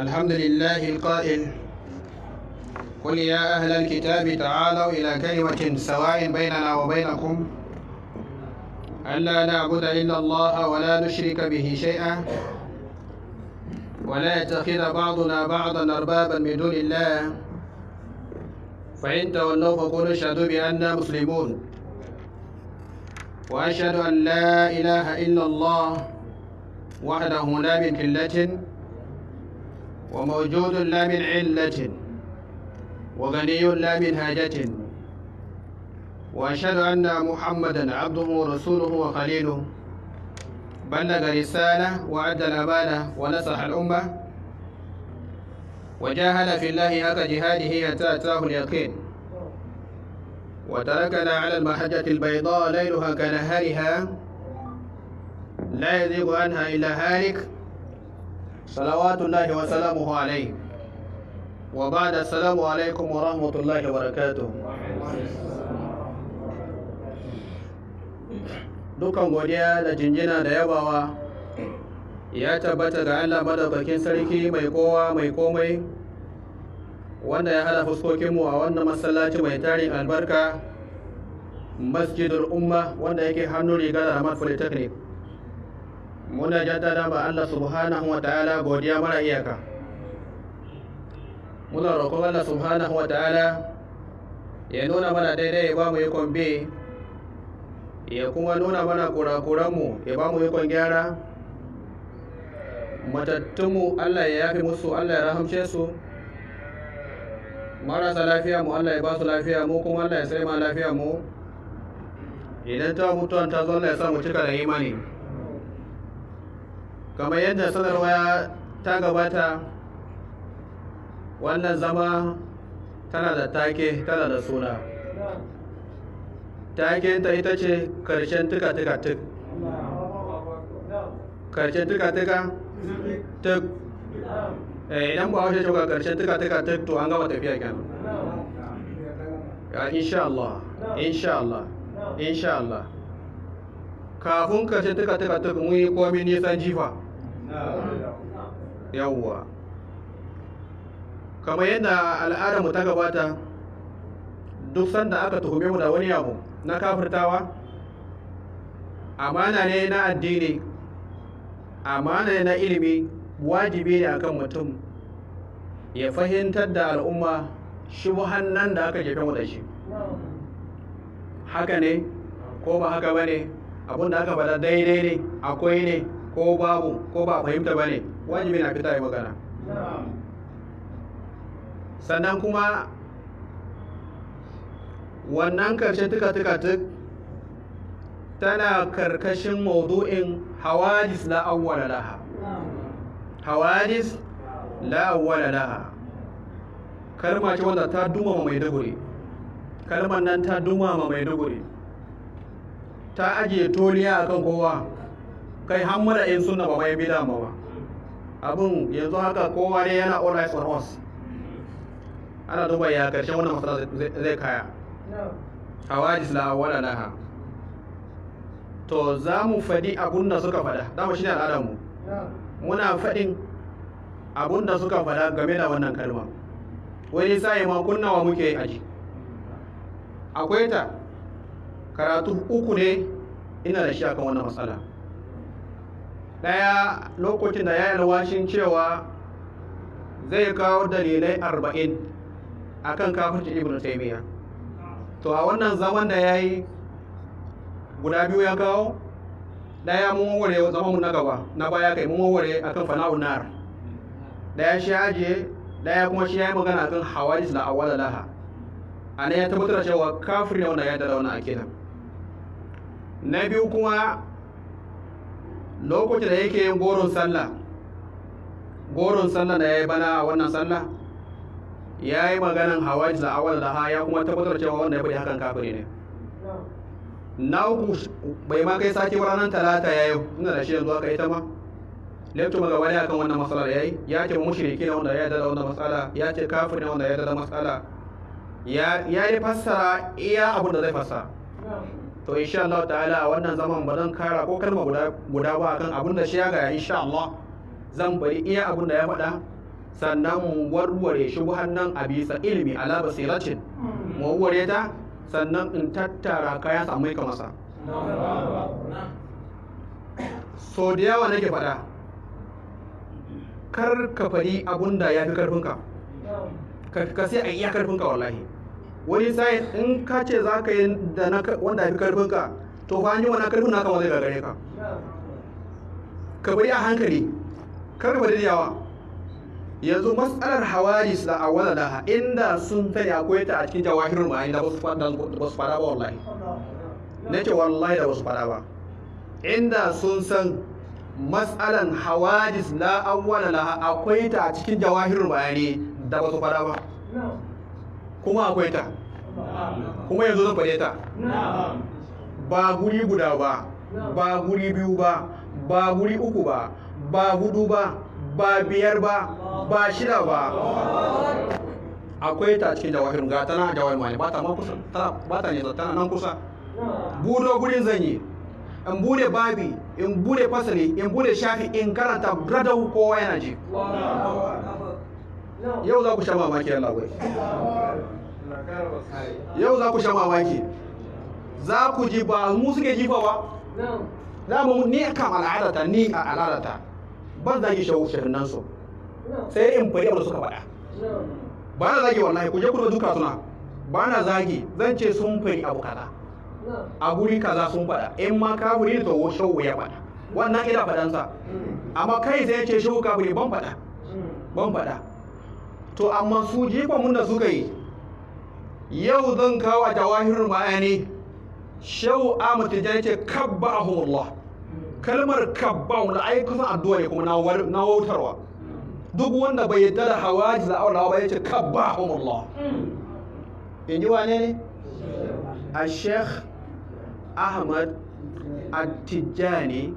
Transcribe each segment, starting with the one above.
الحمد لله القائل قل يا أهل الكتاب تعالوا إلى كلمة سواء بيننا وبينكم ألا نعبد إلا الله ولا نشرك به شيئا ولا يتخذ بعضنا بعضا أربابا من دون الله فإن تولوا فقولوا اشهدوا بأننا مسلمون وأشهد أن لا إله إلا الله وحده لا من قلة وموجود لا من علة وغني لا من هاجة وأشهد أن محمدا عبده ورسوله وخليله بلغ رسالة وأدى الأمانة ونصح الأمة وجاهد في الله حق جهاده حتى أتاه اليقين وتركنا على المحجة البيضاء ليلها كنهارها لا يذيب عنها إلا هالك Salawatu lahi wa salamuhu alai. wa ba da salamu alaikum wa rahmatullahi wa barakatuhu dukkan godiya da jinjina da yabawa ya tabbata ga Allah madaukakin sarki mai kowa mai komai wanda ya hada fuskokinmu a wannan masallaci mai tarin albarka masjidul umma wanda yake hannun rigar ahmad polytechnic muna jaddada ba Allah subhanahu wa ta'ala godiya mara iyaka muna roƙon Allah subhanahu wa ta'ala ya nuna mana daidai ya ba mu ikon bi ya kuma nuna mana kurakuranmu ya ba mu ikon gyara matattunmu Allah ya yafi musu Allah ya rahamce su marasa lafiya mu Allah ya ba su lafiya mu kuma Allah ya sai ma lafiya mu idan ta mutuwan ta zo Allah ya sa mu cika da imani kamar yadda sanarwa ta gabata wannan zama tana da take tana da suna takenta ita ce karshen tuka-tuka-tuk karshen tuka-tuka tuk eh, idan ba haushe shauka karshen tuka-tuka-tuk to an gama tafiya kenan ya insha Allah insha Allah insha Allah kafin ka ce tuka tuka tuka mun yi komai nisan jifa yawwa kamar yadda al'adar mu ta gabata duk sanda aka tuhume mu da wani abu na kafirtawa amana ne na addini amana ne na ilimi wajibi ne akan mutum ya fahimtar da al'umma shi nan da aka jefe mu da shi haka ne ko ba haka ba ne abinda aka faɗa daidai ne akwai ne ko babu ko ba fahimta ba ne wajibi na fita yi magana sannan kuma wannan karshen tuka-tuka-tuk tana karkashin maudu'in hawadis la awwala laha hawadis la awwala laha kalma ce wanda ta duma mai dugure kalmar nan ta dumama mai duguri ta ajiye toliya kan kowa kai har muna sunna suna ba mai bida ba abin yanzu haka kowa ne yana all eyes on us ana duba ya karshen wannan matsala zai kaya hawajis la wala laha to za mu faɗi abun da suka faɗa mu shine al'adar mu muna faɗin abun da suka faɗa game da wannan kalma wani sai ma kunnawa muke aji akwai ta karatu uku ne ina da shi akan wannan matsala ɗaya lokacin da ya yi alwashin cewa zai kawo dalilai arba'in akan kafirci ibn taimiyya to a wannan zaman da ya yi guda biyu ya kawo ɗaya mun ware zaman na gaba na baya kai mun ware akan fana'un nar ɗaya shi ajiye ɗaya kuma shi ya yi magana akan hawadis da awwala laha a nan ya tabbatar da cewa kafir ne wanda ya dara wannan akidan na biyu kuma lokacin da yake yin goron sallah goron sallah da ya yi bana a wannan sallah ya yi maganin hawaji da awal da ha ya kuma tabbatar cewa wanda ya bude hakan kafin ne na uku bai ma kai sati ranar talata ya yi ina da shi yanzu aka ita ma lepto maga wani akan wannan matsala ya yi ya ce mushriki ne wanda ya dada da wannan matsala ya ce kafin ne wanda ya dada matsala ya yi fassara iya abin da zai fassara to insha Allah ta'ala a wannan zaman ba zan kara ko kalma guda ba kan abin da shi ya gaya insha Allah zan bari iya abin da ya faɗa sannan mu warware shi nan a bisa ilimi ala basiratin mu warware ta sannan in tattara kaya samu ka masa so da yawa nake faɗa kar ka faɗi abin da ya fi karfinka ka sai a iya karfinka wallahi wani sa'in in ka ce za ka yi da na wanda fi karfin ka to fa an yi wani karfin naka wanda gagare ka ka bari a hankali kar ka yawa yanzu matsalar su da wadda da inda sun sani akwai ta a cikin jawahirin ma'ani da ba su fada ba wallahi na ce wallahi da ba su fada ba inda sun san matsalan hawajis la awwala laha akwai ta a cikin jawahirin bayani da ba su fada ba kuma akwai ta kuma yanzu zan fade ta ba guri guda ba ba guri biyu ba ba guri uku ba ba hudu ba ba biyar ba ba shida ba akwai ta cikin jawahirin ga tana jawahir mani ba ta ma kusa ba ta ne tana nan kusa budo gurin zan yi in bude babi in bude fasali in bude shafi in karanta bradau kowa yana ji yau za ku sha mamaki Allah bai yau za ku sha mamaki za ku ji ba mu suke jifa ba za mu ni kam al'adata ni a al'adata ban zagi shawo nan su sai in fari abin suka faɗa ba na zagi wallahi ku je ku duka suna ba na zagi zan ce sun fari abu kaza a guri kaza sun faɗa in ma kafiri da to shawo ya faɗa wannan ina faɗansa amma kai zai ce shawo kafiri ban faɗa ban faɗa to amma su jifamun da suka yi yau zan kawo a jawahirul ma'ani shau amu tijjani ce kabba hulwa kalmar kabba wanda ai kusan addu'a ne kuma na wautarwa duk wanda bai yadda da hawaji za a bai ya ce kabba ahumullah hmm. in ji wane ne a sheikh ahmad tijjani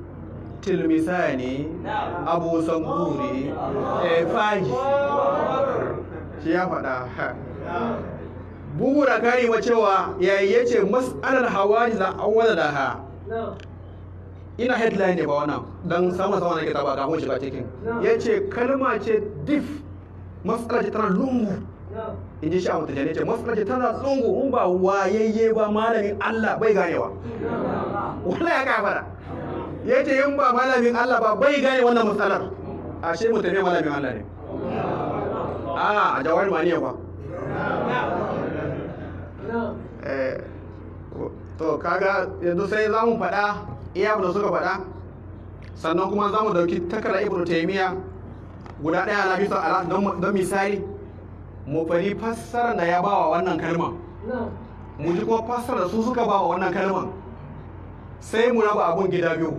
tilmisani abu sanguri eh, faji ce ya faɗa bugu da kari ma cewa yayi ya ce mas'alar hawari za a wadda da ha ina headline ne ba wannan don samun sama na ke taba kafin shiga cikin ya ce kalma ce dif mas'alar ce tana lungu in ji shi a ne ce mas'alar ce tana lungu in ba wayayye ba malamin allah bai ganewa wala ya da ya ce in ba malamin allah ba bai gane wannan mas'alar A ce mutane malamin allah ne Ah, a a jawar maniya ba to kaga yanzu sai za mu faɗa iya da suka faɗa sannan kuma za mu dauki takara ibn taimiya guda ɗaya na bisa ala don misali mu fari fassara da ya bawa wannan kalmar mu ji kuma fassara da su suka bawa wannan kalmar sai mu raba abun gida biyu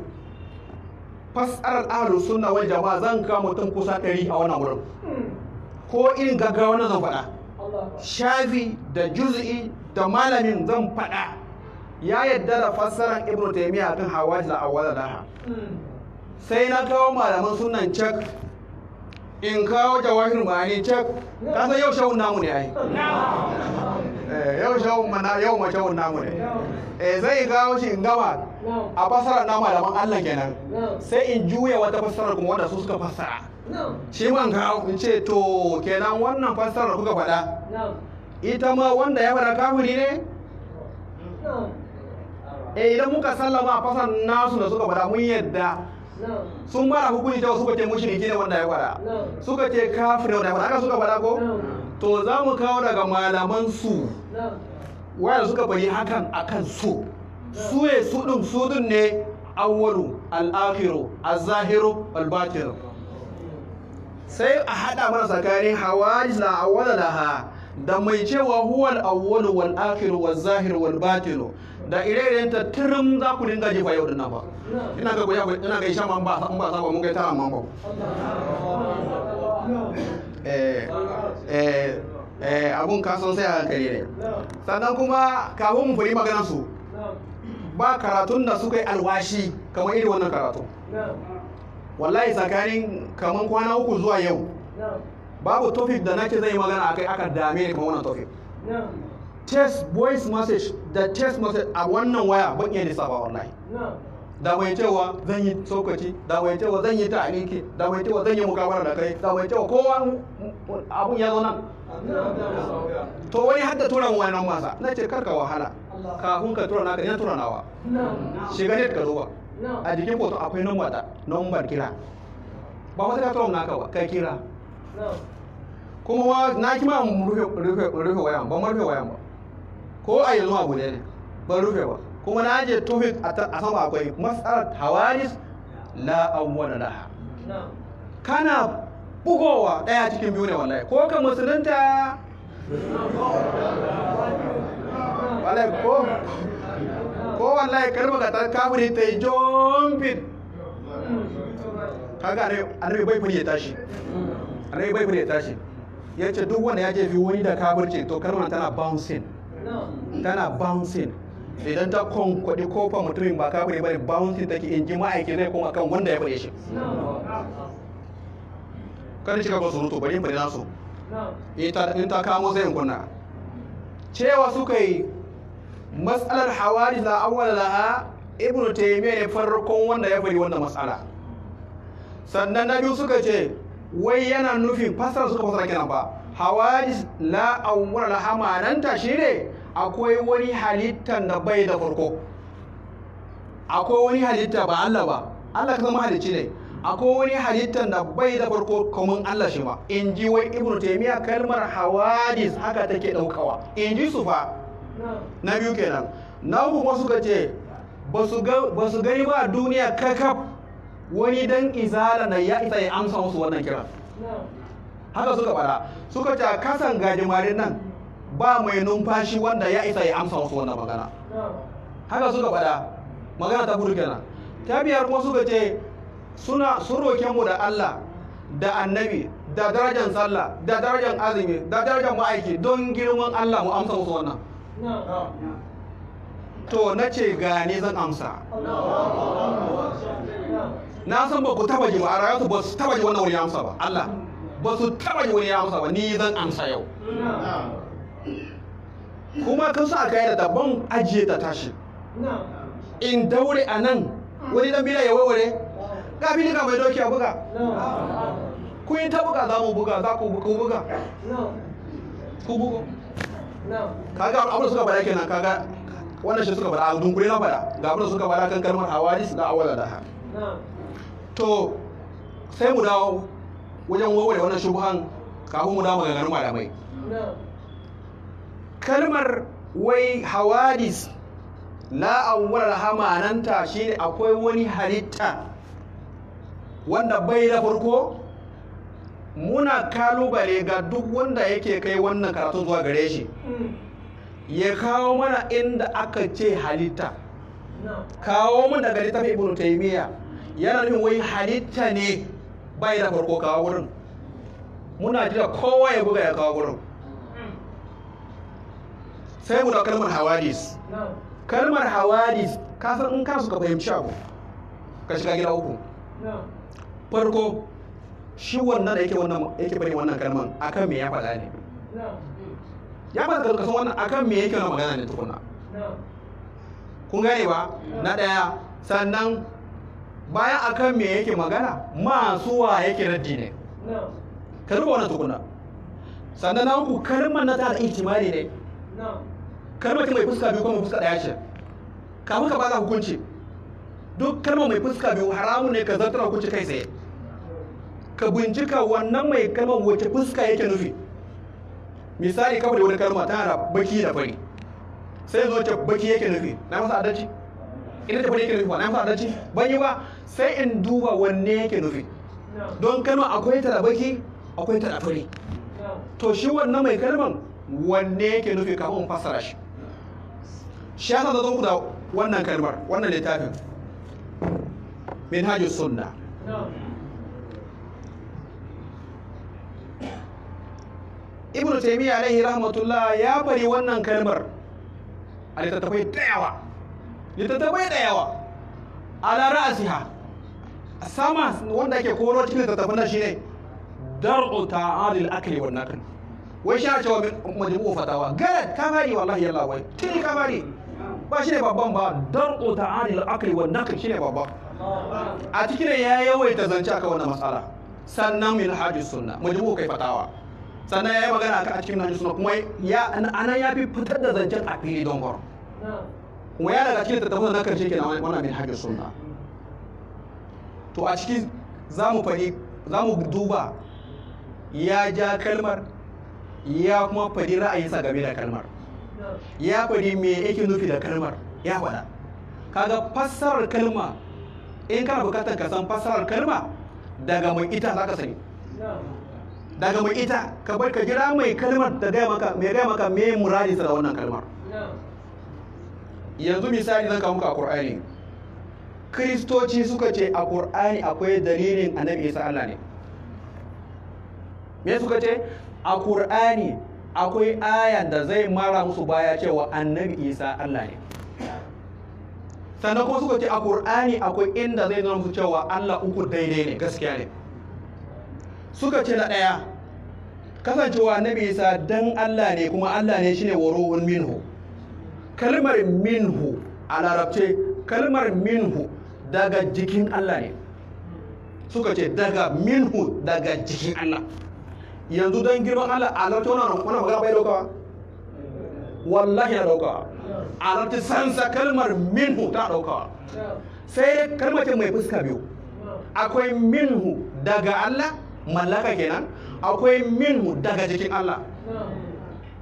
fassarar ahlus na wajen jama'a zan kama mutum kusa ɗari a wannan wurin hmm. ko irin gaggawa na zan faɗa shafi da juz'i da malamin zan faɗa ya yadda da fassarar ibnu taymiya akan hawa da awwala laha hmm. sai na kawo malaman sunan cak in kawo jawahir ma'ani cek ka san yau shawun namu ne ai eh, yau shawun mana yau ma shawun namu ne eh zai kawo shi in gama a fasara na malaman Allah kenan sai in juya wata fasara kuma wanda su suka fasara shi man kawo in ce to kenan wannan fasara kuka faɗa ita ma wanda ya fara kafiri ne eh idan muka sallama fasarar nasu da suka faɗa mun yadda sun mara hukunci cewa suka ce mushi ne wanda ya fara suka ce kafin ne wanda ya aka suka fara ko to za mu kawo daga malaman su waya suka bari hakan akan su su ya sudun sudun ne awwalu al-akhiru az-zahiru al-batin sai a hada mana tsakanin hawajis la awwala laha da mai cewa huwal awwalu wal akhiru wal zahiru wal batiru da ire-iren ta tirin za ku dinga jefa yau dinnan ba ina ga goya ina ga isha ma ba sa ba sa mun ga tara ma ba eh eh eh abun ka san sai hankali ne sannan kuma kafin mu fari magana su ba karatun da suka yi alwashi kamar irin wannan karatu wallahi tsakanin kamar kwana uku zuwa yau babu topic da nake zai magana akai aka dame ni kamar wannan topic test voice message da test message a wannan waya ban iya lissafa online da mai cewa zan yi tsokaci da mai cewa zan yi ta'aliki da mai cewa zan yi mukawara da kai da mai cewa kowa abun ya zo nan to wani har da turan n'an masa na ce karka wahala kafin ka tura naka yana tura nawa shiga ne ka zo a jikin foto akwai numba da numbar kira ba wata tura naka ba ka kira kuma na kima rufe wayan ba rufe wayan ba ko a yanzu zuwa guda ne ban rufe ba kuma na ajiye tofik a sama akwai matsalar hawaris la awwala laha kana bugowa daya cikin biyu ne wallahi ko ka musulunta wallahi ko ko wallahi karba ka ta kafiri ta yi jompin kaga annabi bai fure ya tashi annabi bai fure tashi ya ce duk wanda ya jefi wani da kafirci to kalmar tana bouncing tana bouncing idan ta ko kofar mutumin ba kafin bari bouncing take in ji ma'aiki ne kuma kan wanda ya faɗe shi kada shi kakon surutu bari bari nasu in ta kamo zai kunna cewa suka yi matsalar hawari la awwala laha ibnu taymiya ne farkon wanda ya faɗi wannan matsala sannan na biyu suka ce wai yana nufin fasara suka fasara kenan ba hawari la awwala laha ma'ananta ne? akwai wani halitta da bai da farko akwai wani halitta ba Allah ba Allah kuma halicci ne akwai wani halitta da bai da farko kuma Allah shi ba in ji wai ibnu taymiya kalmar hawadis haka take daukawa in ji su fa na biyu kenan na uku kuma suka ce ba su gani ba duniya kakaf wani dan izala na ya isa ya amsa musu wannan kira haka suka fara suka ce kasan gajimare nan ba mai numfashi wanda ya isa ya amsa wasu wannan magana haka suka faɗa magana ta burkina ta biyar kuma suka ce suna sun roke mu da Allah da annabi da darajar sallah da darajar azumi da darajar ma'aiki don girman Allah mu amsa wasu wannan to na ce gane zan amsa na san ba ku taba ji ba a rayuwarsu ba su taba ji wannan wani amsa ba Allah ba su taba ji wani amsa ba ni zan amsa yau kuma kan sa yi da daban ajiye ta tashi in daure a nan wani dan bila ya waiware ga bini ka mai doki a buga ku yi ta buga za mu buga za ku buga ku buga kaga abin suka bada kenan kaga wannan shi suka bada a dunkule na bada ga abin suka bada kan kalmar hawadis da awala da ha to sai mu dawo wajen wawware wannan shubuhan kafin mu dawo ganin malamai kalmar wai hawadis la nan hamananta shi akwai wani halitta wanda bai da farko muna kalubale ga duk wanda yake kai wannan karatu zuwa gare shi ya kawo mana inda aka ce halitta kawo mun daga ta ibn taymiya yana nufin wai halitta ne bai da farko kawo wurin muna jira kowa ya buga ya kawo wurin sai mu da kalmar hawadis kalmar hawadis kasar in in ka suka fahimci abu ka shiga gida uku farko shi wannan da yake wannan yake bari wannan kalmar akan me ya faɗa ne ya ba ka kasan wannan akan me yake na magana ne tukuna kun gane ba na daya sannan bayan akan me yake magana masu wa yake raddi ne ka duba wannan tukuna sannan na uku kalmar na ta da ihtimali ne kar mace mai fuska biyu kuma fuska ɗaya ce kafin ka baka hukunci duk kalmar mai fuska biyu haramun ne ka zartar hukunci kai tsaye ka bincika wannan mai kalmar wace fuska yake nufi misali kawai da wani kalma ta da baki da fari sai zo ce baki yake nufi na masa adalci ina ta fari yake nufi na masa adalci ban yi ba sai in duba wanne yake nufi don kalma akwai ta da baki akwai ta da fari to shi wannan mai kalman wanne yake nufi kafin fassara shi shi ya zo ku da wannan kalmar wannan littafin minhajus sunna ibnu taymiya alaihi rahmatullah ya bari wannan kalmar a littattafai da yawa littattafai da yawa ala ra'asiha sama wanda ke koro cikin littattafan nan shine dar'u ta'adil akli wan naqli wai shi a cewa majmu'u fatawa galat kamari wallahi yalla wai tun kamari ba shi ne babban ba don darko aka akli wannan kan shi ne babban a cikin ya ta zance aka wannan matsala sannan min hajji sunna mu kai fatawa sannan ya yi magana a cikin hajji sunna kuma ya anan ya fi fitar da zancen a fili don gwar kuma ya daga cikin tattafin na karshe ke na wannan min hajji sunna to a cikin za mu faɗi za mu duba ya ja kalmar ya kuma faɗi ra'ayinsa game da kalmar ya faɗi me yake nufi da kalmar ya faɗa kaga fassarar kalma in kana bukatar ka san fassarar kalma daga mai ita za ka sani daga mai ita ka bar ka jira mai kalmar da gaya maka mai gaya maka me muradinsa da wannan kalmar yanzu misali zan kawo muka a Qur'ani kristoci suka ce a Qur'ani akwai dalilin annabi Isa Allah ne me suka ce a Qur'ani akwai aya da zai mara musu baya cewa annabi isa allah ne sannan kuma suka ce a ƙur'ani akwai inda zai nuna musu cewa allah uku daidai ne gaskiya ne suka ce na ɗaya kasancewa annabi isa dan allah ne kuma allah ne shine waruhun minhu kalmar minhu a larabce kalmar minhu daga jikin allah ne suka ce daga minhu daga jikin allah yanzu don girman Allah alarta wani wani magana bai daukawa wallahi na daukawa alarta sansa kalmar minhu ta daukawa sai dai mai fuska biyu akwai minhu daga Allah mallaka kenan akwai minhu daga jikin Allah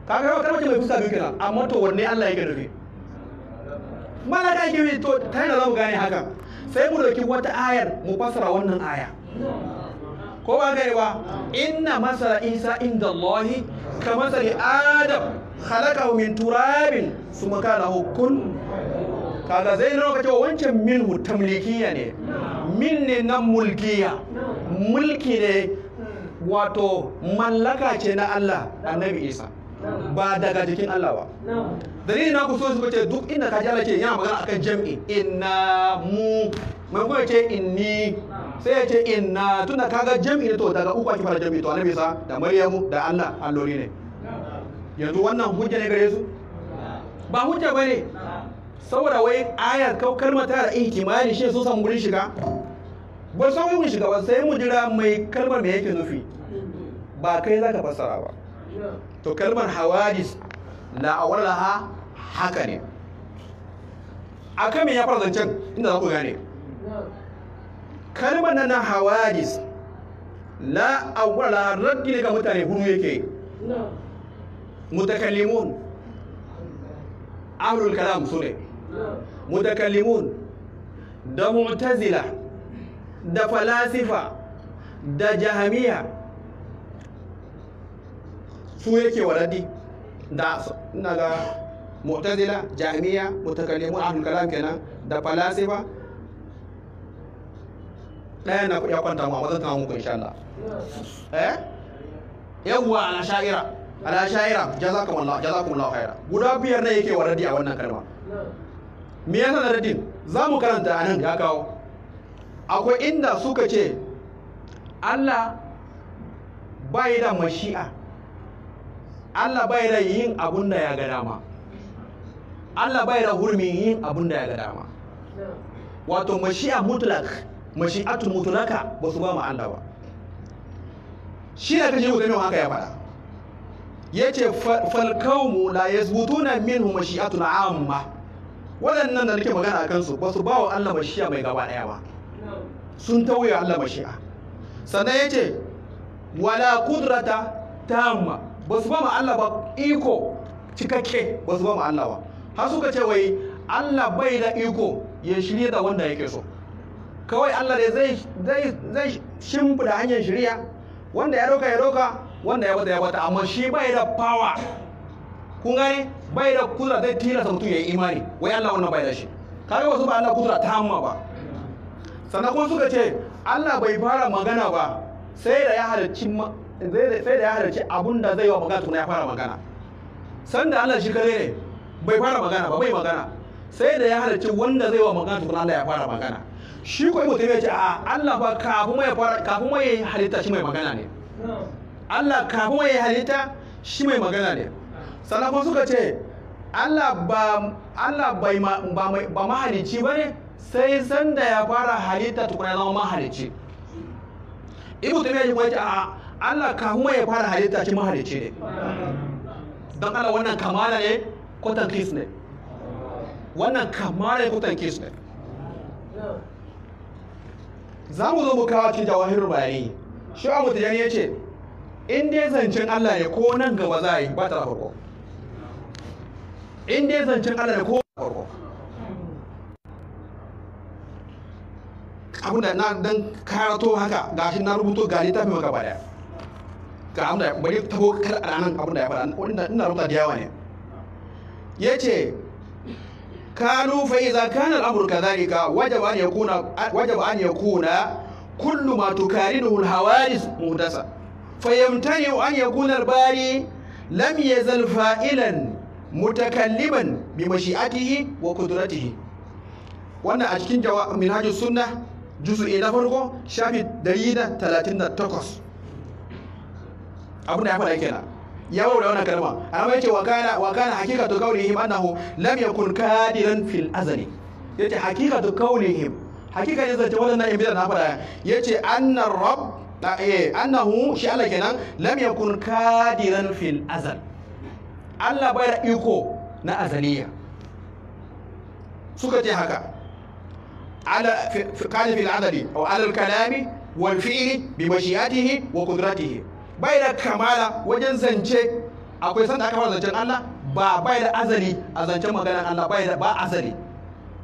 kaga yau kalmar mai fuska biyu kenan amma to wanne Allah yake nufi mallaka yake to ta yana za gane haka sai mu dauki wata ayar mu fasara wannan aya ko ba yi ba inna masala isa inda allahi ka masali adam khalaqahu min turabin thumma na hukun kaga zai nuna kacewa wancan minhu mulkiya ne min ne na mulkiya mulki ne wato mallaka ce na Allah annabi Isa ba daga jikin Allah ba dalilin na kusurci so ce duk inda ka ji Allah ce yana magana akan jam'i inna mu mai ya ce inni sai ya ce inna tunda kaga jam'i ne to daga uku ake fara jam'i to annabi isa da maryamu da allah alloli ne yanzu wannan hujja ne gare su ba hujja ba ne saboda wai ayar kau kalmar ta da ihtimali shi sun samu gurin shiga ba san gurin shiga ba sai mu jira mai kalmar me yake nufi ba kai zaka fassara ba to kalmar hawadis la awalaha haka ne akan me ya fara zancen inda za ku gane kalmar nan na hawadis la awwala raddi ga mutane hunu yake mutakallimun ahlul kalam sune mutakallimun da mu'tazila da falasifa da jahamiya su yake waradi da ina ga mu'tazila jahamiya mutakallimun ahlul kalam kenan da falasifa ɗaya na ya kwanta mu amma zan kawo muku insha Allah eh yawwa ala sha'ira ala sha'ira jazakumullah jazakumullah khaira guda biyar ne yake wa raddi a wannan kalma me yasa da raddin za mu karanta anan ya kawo akwai inda suka ce Allah bai da mashi'a Allah bai da yin abun da ya ga dama Allah bai da hurmin yin abun da ya ga dama wato mashi'a mutlak mashi'atu mutunaka ba su ba mu Allah ba shi ne kashi mutumin haka ya faɗa ya ce falkaumu la yasbutuna minhu mashi'atun amma waɗannan da nake magana a kansu ba su ba wa Allah mashi'a mai gaba ɗaya ba sun tauye Allah mashi'a sannan ya ce wala kudrata tamma ba su ba mu Allah ba iko cikakke ba su ba mu Allah ba har suka ce wai Allah bai da iko ya shirya da wanda yake so kawai Allah da zai zai zai shimfida hanyar shari'a wanda ya roka ya roka wanda ya bata ya bata amma shi bai da power kun gane bai da kudura zai tilasta mutum ya yi imani wai Allah wannan bai da shi kaga wasu ba Allah kudura ta amma ba sannan kuma suka ce Allah bai fara magana ba sai da ya halarci sai da ya halarci abun da zai wa magana tukuna ya fara magana sanda Allah shi kare ne bai fara magana ba bai magana sai da ya halarci wanda zai yi wa magana tukuna Allah ya fara magana shi ko ibn taymiya ce a Allah ba kafin mai kafin mai halitta shi mai magana ne Allah kafin mai halitta shi mai magana ne sannan suka ce Allah ba Allah bai ba ba ne sai sanda ya fara halitta tukuna ya zama mahalici ibn taymiya ce kuma ce a Allah kafin mai fara halitta shi mahalici ne don Allah wannan kamala ne ko tankis ne wannan kamala ne ko tankis ne za mu zo mu kawo cikin jawahirul bayani shi abu tijani ya ce in dai zancen Allah ne ko nan gaba za a yi ba ta farko in dai zancen Allah ne ko farko abinda na dan karato haka shi na rubuto ga littafin maka daya ga abinda bari taho kar a nan abinda ya faɗa wanda ina rubuta da yawa ne ya ce kanu fa idza kana al-amru kadhalika wajaba an yakuna wajaba an yakuna kullu ma tukarinuhu al-hawadith muhdasa fayamtani an yakuna al-bari lam yazal fa'ilan mutakalliman bi mashi'atihi wa qudratihi wannan a cikin minhajus sunna juz'i na farko shafi 138 abin da ya faɗa kenan ya wura wannan kalma amma yace wa kana wa kana haqiqatu qawlihim annahu lam yakun kadiran fil azali yace haqiqatu qawlihim Hakika ne zance wannan da na fara yace anna rabb eh, annahu shi Allah kenan lam yakun kadiran fil azal Allah bai da iko na azaliya suka ce haka ala fi qali fil adali wa ala al kalami wal fi'li bi mashiatihi wa qudratihi bai da kamala wajen zance akwai sanda aka fara zancen Allah ba bai da azali a zancen maganar Allah bai da ba azali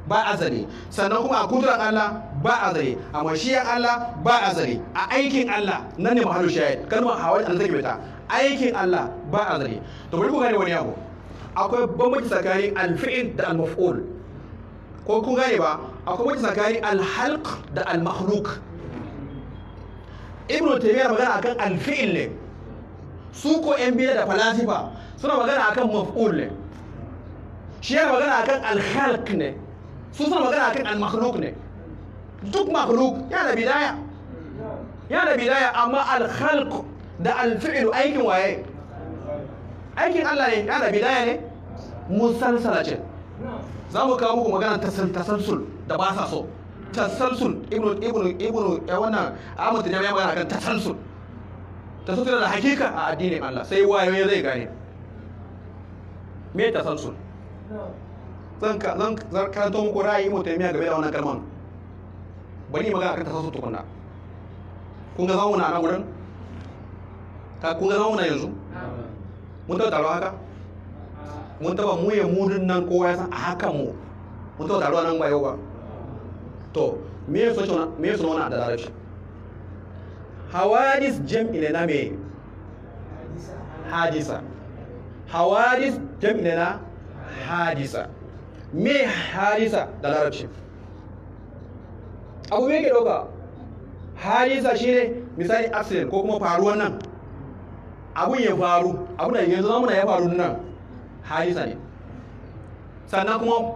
ba azali sannan kuma a kudurar Allah ba azali a mashiyar Allah ba azali a aikin Allah nan ne mahallu shahid kalmar hawali an zai ta aikin Allah ba azali to bari ku gane wani abu akwai bambanci tsakanin alfi'il da almaf'ul ko kun gane ba akwai bambanci tsakanin alhalq da almakhluq Ibn taymiya magana akan alfi'il ne su ko yan biya da falasifa suna magana akan maf'ul ne shi yana magana akan alkhalq ne su suna magana akan almakhluq ne duk makhluq ya da bidaya yana da bidaya amma alkhalq da alfi'il aikin waye aikin Allah ne yana da bidaya ne musalsala za mu kawo muku magana tasalsul da ba sa so tasalsul ibnu ibnu ibnu ya eh, wannan amma da ya magana kan tasalsul tasalsul da hakika a addinin Allah sai wayoyi zai gane me tasalsul zan ka zan karanto muku ra'ayi ta miya game da wannan kalman bari magana kan tasalsul tukunna kun ga zauna a nan gurin ka kun ga zauna yanzu mun ta taro haka mun ba mu ya mudun nan kowa ya san a haka mu mun ta taro nan ba yau ba to me ya suna wani da larabci hawadis jam'i ne na me hadisa hawadis jam'i ne na hadisa me hadisa da larabci abu me ke ɗauka hadisa shi ne misali accident ko kuma faruwan nan abun ya faru abun da yanzu zamuna ya faru nan hadisa ne sannan kuma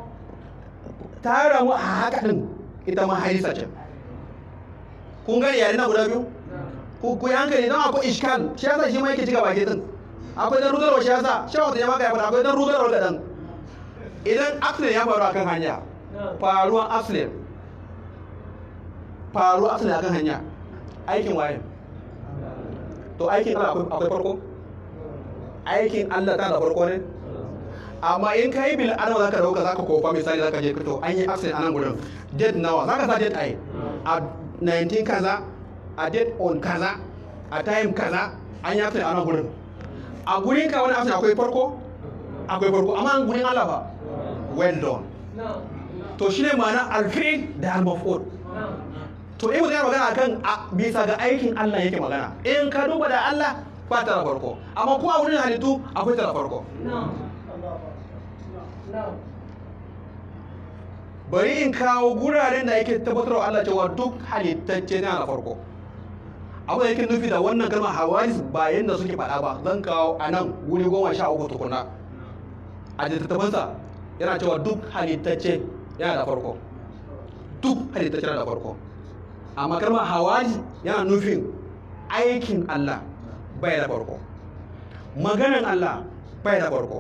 ta ramu a haka din. ita ma harisa ce kun gani yare na guda biyu ku ku hankali don akwai ishkan shi yasa shi ma yake cika baki din akwai dan rudarwa shi yasa shi wata jama'a ya fara akwai dan rudarwa da dan idan accident ya faru akan hanya faruwan accident faru accident akan hanya aikin waye to aikin Allah akwai farko aikin Allah ta da farko ne amma in ka yi bil adama zaka dauka zaka kofa misali zaka je fito an yi accident anan gurin date nawa za ka sa date ai a 19 kaza a date on kaza a time kaza an yi after ana gurin a gurin ka wani after akwai farko akwai farko amma an gurin Allah ba well done to shi ne ma'ana alfil da al-maf'ul to in zai magana kan, a bisa ga aikin Allah yake magana in ka duba da Allah ba ta farko amma ko a wurin halittu akwai ta farko bari in kawo guraren da yake tabbatar Allah cewa duk halittacce ne a farko da yake nufi da wannan kalmar hawaii ba yadda suke faɗa ba zan kawo a nan wuri goma sha uku tukuna a littattafansa yana cewa duk halittacce yana da farko duk halittacce yana da farko amma kalmar hawaii yana nufin aikin Allah bai da farko maganan Allah bai da farko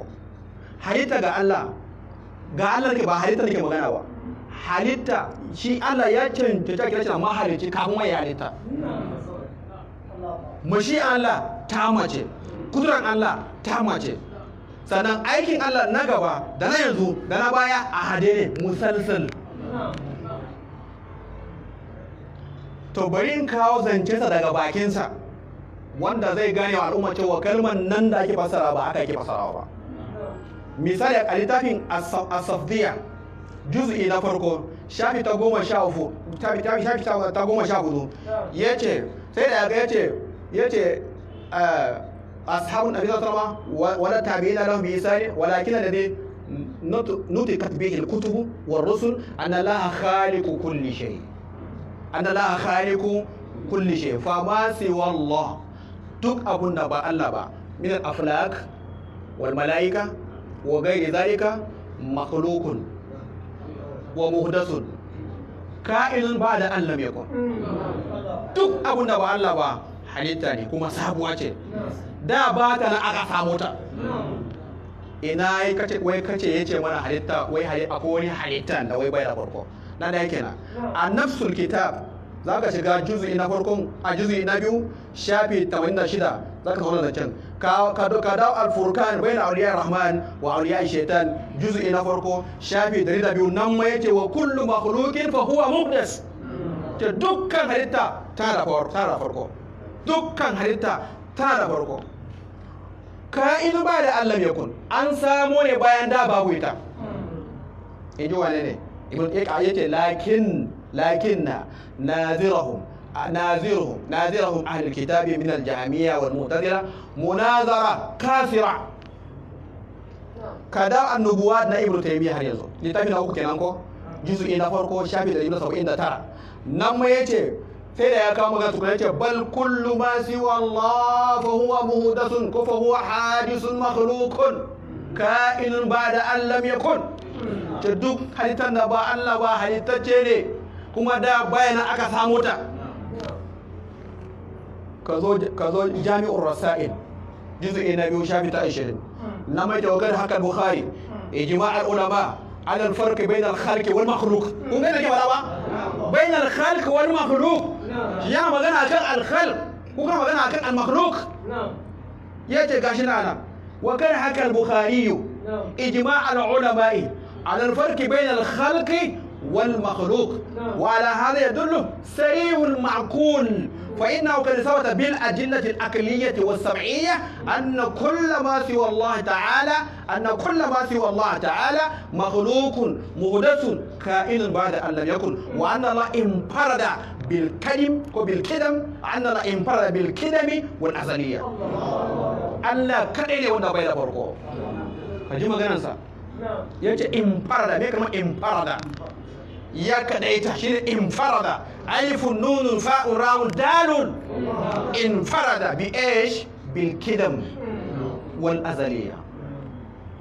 halitta ga Allah ga Allah ke ba halitta ke magana ba halitta shi Allah ya cancanta kirashin mahalicci kafin mai halitta mashi Allah ta mace kuduran Allah ta mace sannan aikin Allah na gaba da na yanzu da na baya a hade ne musalsal to bari in kawo zancensa daga bakinsa wanda zai gane wa al'umma cewa kalmar nan da ake fasara ba aka ake fasara ba misali a littafin asafdiya juz'i na farko shafi ta goma sha uku shafi ta goma sha hudu ya ce sai da yaga ya ce ya ce eh, ashabun nabi sallama wala tabi'ina lahum bi isani walakin alladhi nutikat bihi al-kutub war-rusul anna allaha khaliqu kulli shay anna allaha khaliqu kulli shay fa ma siwa allah duk abun da ba Allah ba min al-aflaq wal malaika wa ghairi zalika makhluqun wa muhdasun ka'ilun ba da an lam duk abin da ba Allah ba halitta ne kuma sabuwa ce da ba ta na aka samu ta ina yi kace wai kace ce mana halitta wai halitta ko wani halitta da wai bai da farko na da yake na a nafsul kitab za ka shiga juzu'i na farkon a juzu'i na biyu shafi 86 za ka zauna da can ka dawo alfurkan bai na auliya rahman wa auliya shaitan juzu na farko shafi 102 nan ma yace wa kullu makhluqin fa huwa muhdas ta dukkan halitta ta da farko dukkan halitta ta da farko ka'inu ba da Allah ya kun an samo ne bayan da babu ita in ji wane ne ibn ƙiƙa yace lakin lakin na nazirhum nazirhum ahlul kitabi min al-jahmiyya wal mu'tazila munazara kasira kadar annubuwat na ibnu taymiya har yanzu littafin na uku kenan ko juz'i na farko shafi da ibnu saba'in da tara nan ma yace sai da ya kama ga tukuna yace bal kullu ma siwa Allah fa huwa muhdathun ko fa huwa hadithun makhluqun ka'inun ba'da an lam yakun ce duk halittar da ba Allah ba ne kuma da bayanan aka samu ka zo جامع الرسائل جزء na biyu shafi ta 20 hmm. na mai tawagar haka bukhari ijma'ar على الفرق بين الخالق والمخلوق ومن كيف بين الخالق والمخلوق يا مغنى كان الخلق وكان مغنى كان المخلوق ياتي كاشنا انا وكان حكى البخاري اجماع العلماء على الفرق بين الخلق والمخلوق نعم. وعلى هذا يدل سريع المعقول فإنه قد ثبت بالأدلة الأقلية والسمعية أن كل ما سوى الله تعالى أن كل ما سوى الله تعالى مخلوق مهدس كائن بعد أن لم يكن وأن الله انفرد بالكلم وبالكدم أن الله انفرد بالكدم والأزلية أن لا ne wanda بين da farko ka ji إنفرد ya إنفرد ya kadaita shi infarada alifun nunun fa'un ra'un dalun infarada bi ash bil kidam wal azaliya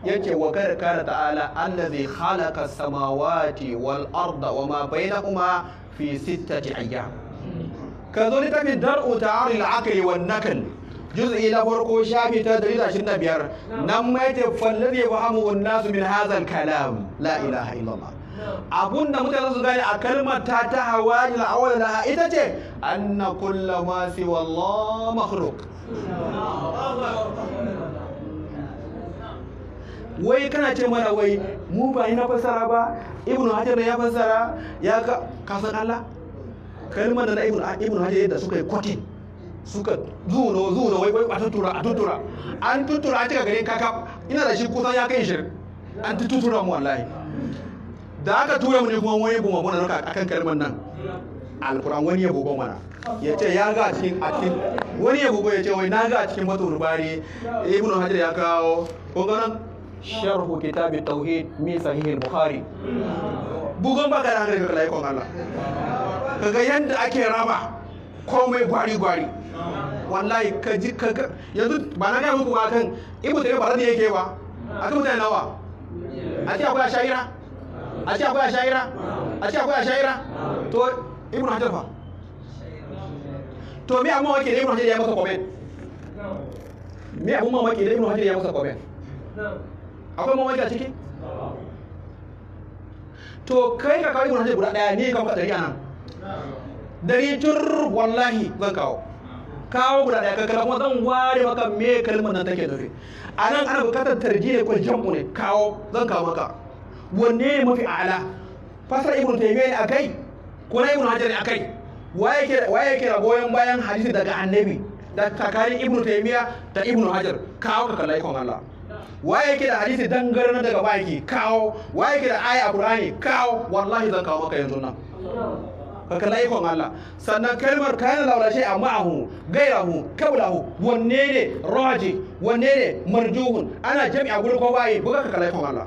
yake wa kada kara ta'ala allazi khalaqa samawati wal arda wa ma bainahuma fi sittati ayyam ka zo littafin dar'u ta'aril la'akari wan nakl juz'i na farko shafi ta 125 nan mai tafallari wa nasu min hazan kalam la ilaha illallah abun da mutane su gane a kalmar ta ta da la'awar da ita ce an na kulla ma fi wallah makhluk wai kana ce mana wai mu ba ni na fassara ba ibnu hajar ya fassara ya ka san Allah kalmar da na ibnu hajar yadda suka yi kwatin suka zuno zuno wai wai a tuttura a tuttura an tuttura a cika garin kakaf ina da shi kusan ya kai shirin an tuttura mu wallahi da aka tura mu ne kuma wani bu mabuna nuka akan kalmar nan alkuran wani ya goma mana ya ce ya ga cikin akil wani ya goma ya ce wai na ga cikin matu rubari ibnu hajar ya kawo ko ganan sharhu kitab tauhid min sahih bukhari bugon baka da hankali ka laikon Allah kaga yanda ake raba komai gwari gwari wallahi ka ji ka yanzu ba na ga muku ba kan ibnu tayyib ba da yake ba akan mutane nawa a ce akwai sha'ira a ce akwai asha'ira a ce akwai shayira to ibn hajar fa to me abun mamaki da ibn hajar ya masa comment me abun mamaki da ibn hajar ya masa comment akwai mamaki a ciki to kai ka kawo ibn hajar guda daya ne ka maka dari anan dari tur wallahi zan kawo kawo guda daya ka kuma zan ware maka me kalmar nan take nufi anan ana bukatar tarjiya ko jam'u ne kawo zan kawo maka wanne ne mafi a'ala fasar ibn taymiya ne akai ko na ibn hajar ne akai waye ke waye ke goyon bayan hadisi daga annabi da takari ibn taymiya da ibn hajar kawo ka kallai kon Allah waye ke da hadisi dangarna daga baki kawo waye ke da aya qur'ani kawo wallahi zan kawo maka yanzu nan ka kalla ikon Allah sannan kalmar kayan laurashe a ma'ahu gairahu kaulahu wanne ne raji wanne ne marjuhun ana jami'a gurin ko bayi buga ka kallai ikon Allah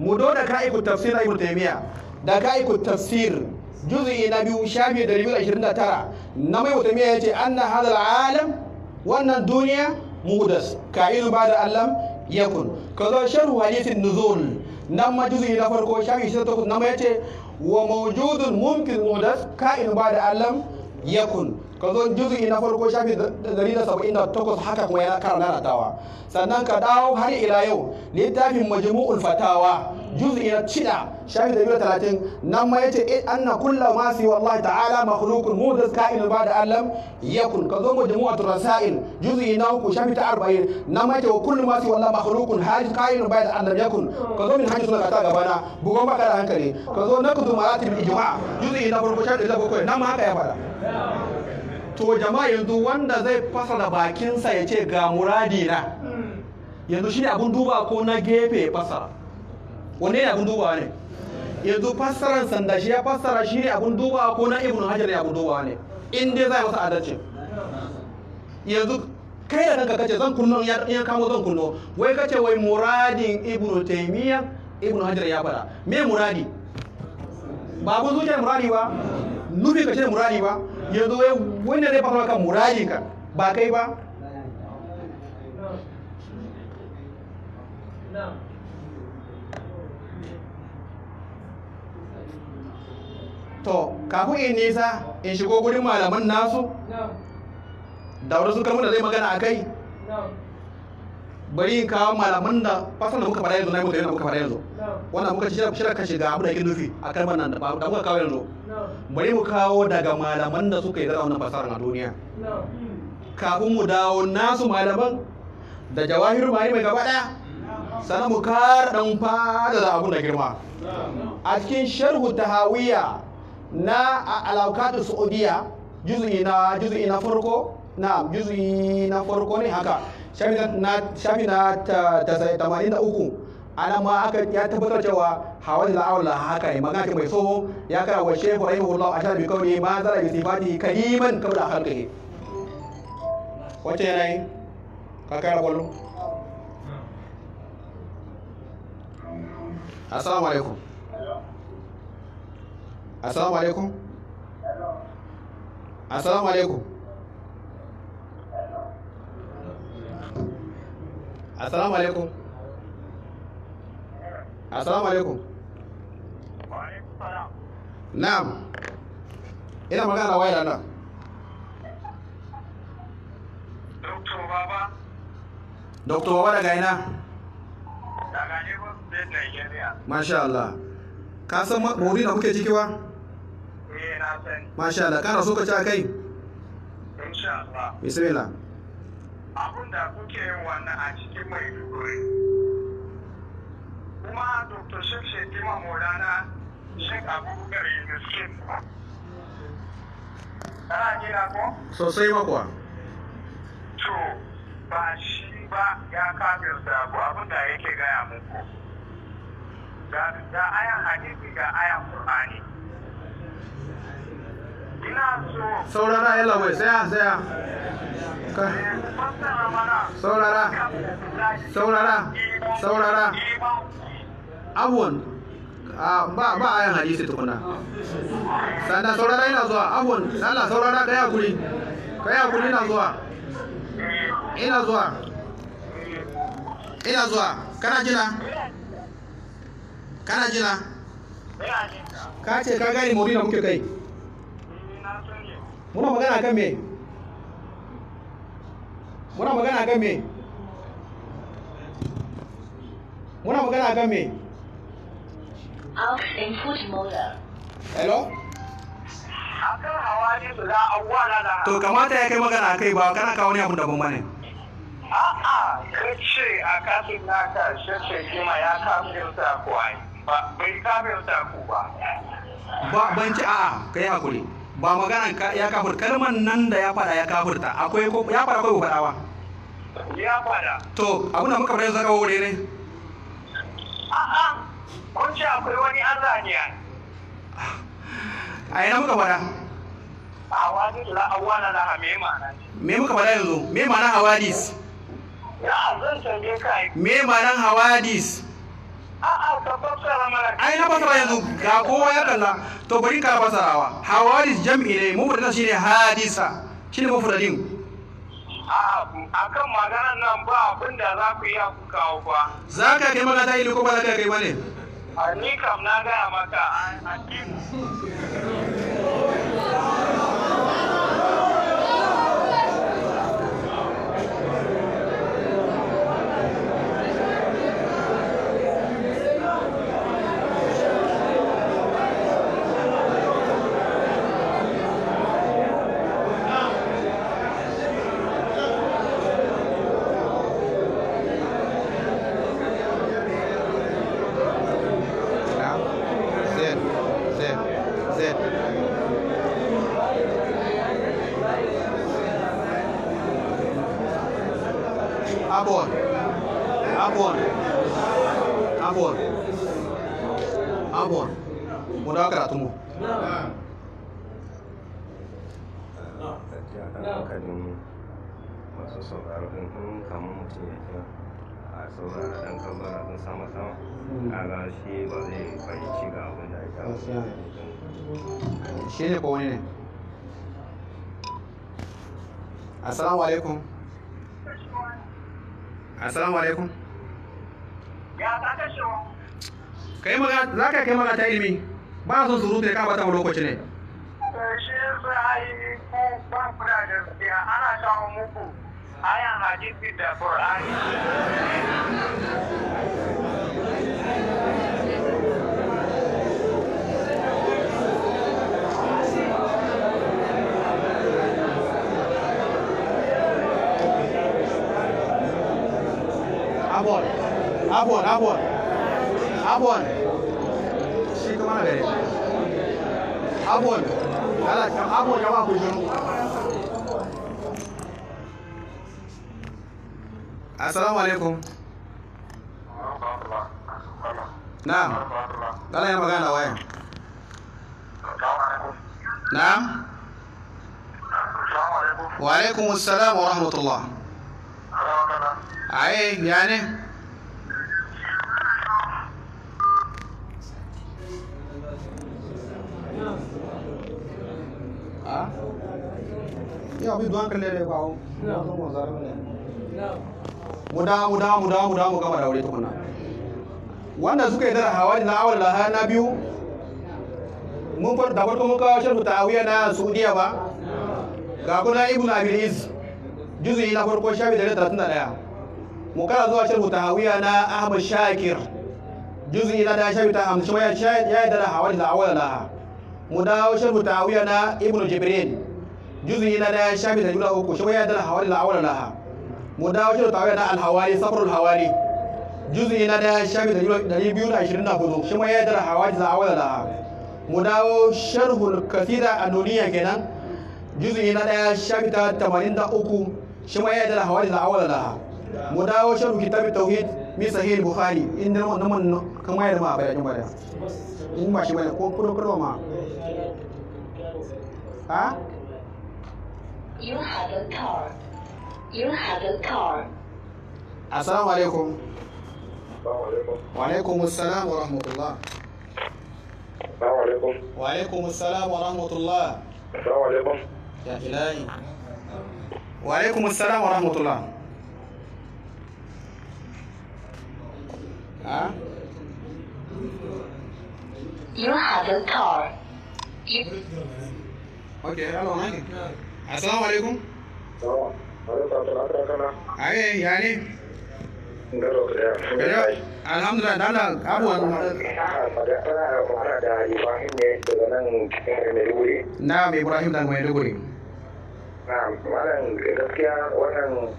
مدونا كايكو تفسير ابن تيميه دا كايكو تفسير جزئي نبي وشامي دربيل 20 ترى نبي وتيميه يجي ان هذا العالم وان الدنيا مودس كايدو بعد الالم يكون كذا شرح حديث النزول نما جزئي نفر كو شامي نما يجي وموجود ممكن مودس كايدو بعد الالم يكون ka zo juzu'i na farko shafi 178 haka kuma ya kara nanatawa sannan ka dawo har ila yau littafin majmu'ul fatawa juzu'i na shida shafi talatin nan ma yace eh, anna kulla ma si wallahi ta'ala makhluqun mudas ka'in ba da allam yakun ka zo majmu'atul rasail juzu'i na uku shafi ta 40 nan ma yace wa kullu ma si wallahi makhluqun hajj ka'in ba da allam yakun ka zo min hajj suna ka ta gabana bugon ba da hankali ka zo nakdu maratib ijma juzu'i na farko shafi 107 nan ma haka ya fara to jama'a yanzu wanda zai fasa da bakinsa ya ce ga muradi na hmm. yanzu shi ne abin duba ko na gefe fasa. wanne ne abin duba ne yanzu fassaran sanda shi ya fasara shi ne abin duba ko na ibn hajar ne abin duba ne in dai zai masa adalci yanzu kai da kanka kace zan kunno ya kamo zan kunno wai kace wai muradin ibn taymiya ibn hajar ya fara me muradi ba abun zuciya muradi ba nufi kace muradi ba ya zo wanda zai faɗa maka murayi ka ba kai ba to kafin in nisa in shigo wurin malaman nasu da wani sun da zai magana a kai bari in kawo malaman da fasan da muka fara yanzu na muka da muka fara yanzu wannan muka shirya shirya kashi ga abu da yake nufi a kalmar nan da muka kawo yanzu bari mu kawo daga malaman da suka yi da wannan fasara na duniya kafin mu dawo nasu malaman da jawahir mai mai gaba daya sannan mu kara dan fada abun da girma a cikin sharhu tahawiyya na alaukatu saudiya juzu'i na juzu'i na farko na juzu'i na farko ne haka shafi na tamanin da uku ana ma aka ya tabbatar cewa hawali la aula haka ne magana ce mai so ya kara wa shehu a ashar bi kauni ma zara bi sifati kariman kabla halqihi wace yi, ka kara kwallo assalamu alaikum assalamu alaikum assalamu alaikum assalamu alaikum assalamu alaikum na'am ina magana waya nan Doktor Baba. Doktor Baba daga ina? Daga Lagos State Nigeria. Masha Allah. Ka san mori na kuke ciki wa? Eh na san. Masha Allah, kana so ka ci a kai? Insha Allah. Bismillah. abin da kuke yin wannan a cikin mai duguri kuma dr shek shekima maulana shek abubakar yunuskin ana gina ko sosai makwa to ba shi ba ya kafin ku abin da yake gaya muku ga ayan hadisi ga ayan qur'ani saurara ya labai saya saya saurara saurara saurara abuwan ba ba ayan hadisi tukuna sannan saurara yana zuwa abuwan Allah saurara ka hakuri. ka hakuri na zuwa ina zuwa ina zuwa kana jina kana jina ka ce ka gani mobina muke kai muna magana kan me muna magana kan me muna magana kan me Out input motor. Hello? Akan hawa ne su za a wala da. To kamata ya kai magana kai ba kana kawo ne abin daban bane. A'a, kace a kafin naka shashe kima ya kafin sa kuwa. Ba bai kafin sa ku ba. Ba ban ci a'a, kai hakuri. ba maganan ya kafur kalmar nan da ya fada ya kafurta akwai ya fada ko fada ba ya fada to abin da muka fara zaka wore ne a'a kun ce akwai wani azaniya a ina muka fada awadi la awala la hamima me muka fada yanzu me ma'anar awadis ya zan tambaye kai. me ma'anar awadis ai na fasara yanzu ga kowa ya kalla to bari ka fasarawa hawadis jam'i ne mufradin shine hadisa shine a kan maganar nan ba abin da za ku iya ku kawo ba za ka kai magana ilu ko ba za ka kai bane ni kam na gaya maka lokaci dan dan sama sama shi ba zai ga abin da ya shi ne ko ne assalamu alaikum assalamu alaikum ya ka kashe kai magana za ka kai Maga ta ilimi ba son surutu ya kaba ta lokaci ne eh, shi yasa ai ko ba kuna da ana samun muku Ayah ngaji tidak Quran. Abon, abon, abon, abon. Si kemana beri? Abon. Kalau abon jawab bujuk. السلام عليكم نعم لا يا مغانا وين نعم وعليكم السلام ورحمة الله أي يعني آه. يا بيدوان كلها يا باو لا mu da mu da mu da mu da mu gama da aure tukuna wannan suka yi dara hawali na awal laha na biyu mun fara da farko mun kawo sharhu ta'awiyya na Saudiya ba ga kuna ibnu abil iz juz'i na farko shafi 131 mu kara zuwa sharhu ta'awiyya na Ahmad Shakir juz'i na da shafi ta 50 ya yi dara hawali na awal laha mu dawo sharhu ta'awiyya na Ibn Jibrin juz'i na da shafi ta 3 shi ya dara hawali na awal laha Mu dawo mudawajin tare na alhawari safarul hawari juzi ina daya shafi dari biyu da ashirin da hudu shi ma ya dara hawaji za a wada da mu dawo sharhul kasira a duniya kenan juzi ina daya shafi ta tamanin da uku shi ma ya dara hawaji za a wada da mu dawo Sharhul Kitabi tauhid mi sahih bukhari in inda mun mun kama ya da ma bayanin bada in ba shi bane ko kudu kudu ma ha you have a car You have a car. Assalamu alaikum. Wa alaikum assalam wa rahmatullah. Assalamu Wa alaikum assalam wa rahmatullah. Assalamu alaikum. Ya ilahi. Wa alaikum assalam wa rahmatullah. Huh? You have a car. You... Okay, hello, Assalamu alaikum. Assalamu alaikum. Aye, ya ne? Alhamdulillah, da Allah da Na Ibrahim daga Maiduguri. malam gaskiya wannan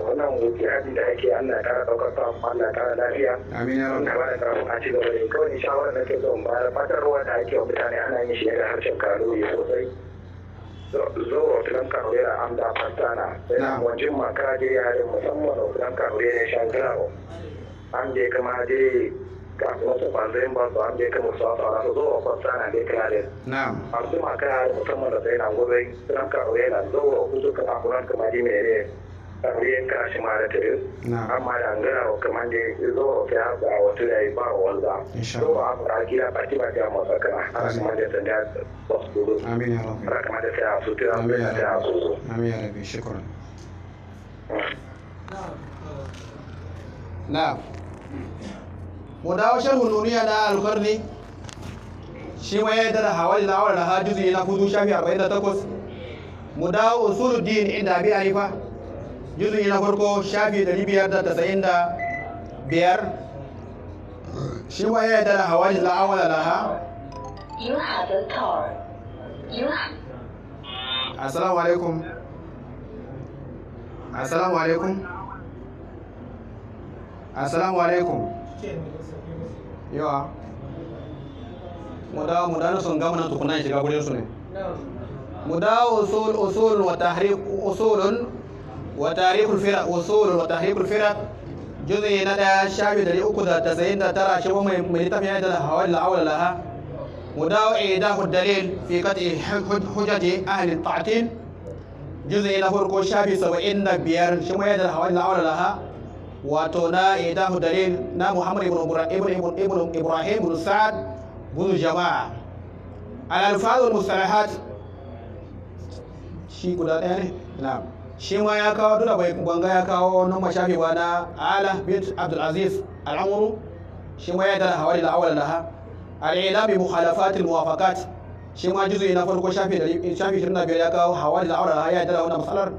wannan jihadi da ake Allah ta ɗaukar sa Allah ta lafiya amin ya rabbi wannan kafin a ci gaba da kawai shawara da ke son ba fatarwa da ake wa mutane ana yin shi da harshen kalori sosai zo filan karwera an da fantana yana wajen musamman an kama an kama su a su zo a fantana da kira da an su maka musamman da zai na gobe zo a kusa kama kuran kama abin kashi mara ta amma da ngara o kamande zo ke hasa a wata yayi ba wanda so a fara kira parti ba ta masa kana amma da ta uh, da wasu amin ya rabbi rakama da ta su ta amin ya rabbi amin ya rabbi shukran na'am mu dawo shan nuniya na alkarni shi ma yadda da hawa da awar da hajjuzi na kudu shafi 48 mu dawo din inda a yi fa. juzuyi na farko shafi 595 shi wa da yadda da hawaji la'awala laha you have a car you assalamu alaikum assalamu alaikum assalamu alaikum yawa mu dawo mu dana sun gama nan tukunan shiga gurin su ne mu dawo usul usul wa tahriq usulun وتاريخ الفرق وصول وتحريك الفرق جزء ندى الشعب الذي أكو ذا تزين ترى شبه ميتم يعني هذا حوالي العول لها وداو إيداه الدليل في قطع حجة أهل التعطيل جزء فرق الشعب سوى سبعين بيار شبه هذا حوالي الأول لها وتنا إيداه الدليل نا محمد بن إبراهيم بن إبراهيم بن سعد بن جماعة الألفاظ والمصطلحات شيء كذا يعني نعم shi ma ya kawo duna bai gwanga ya kawo nan mashafewa na ala bin abdul aziz al'amuru shi ma ya da hawali da awal laha al'ila bi mukhalafati muwafaqat shi ma juzu na farko shafi 25 ya kawo hawali da awal laha ya da wannan masalar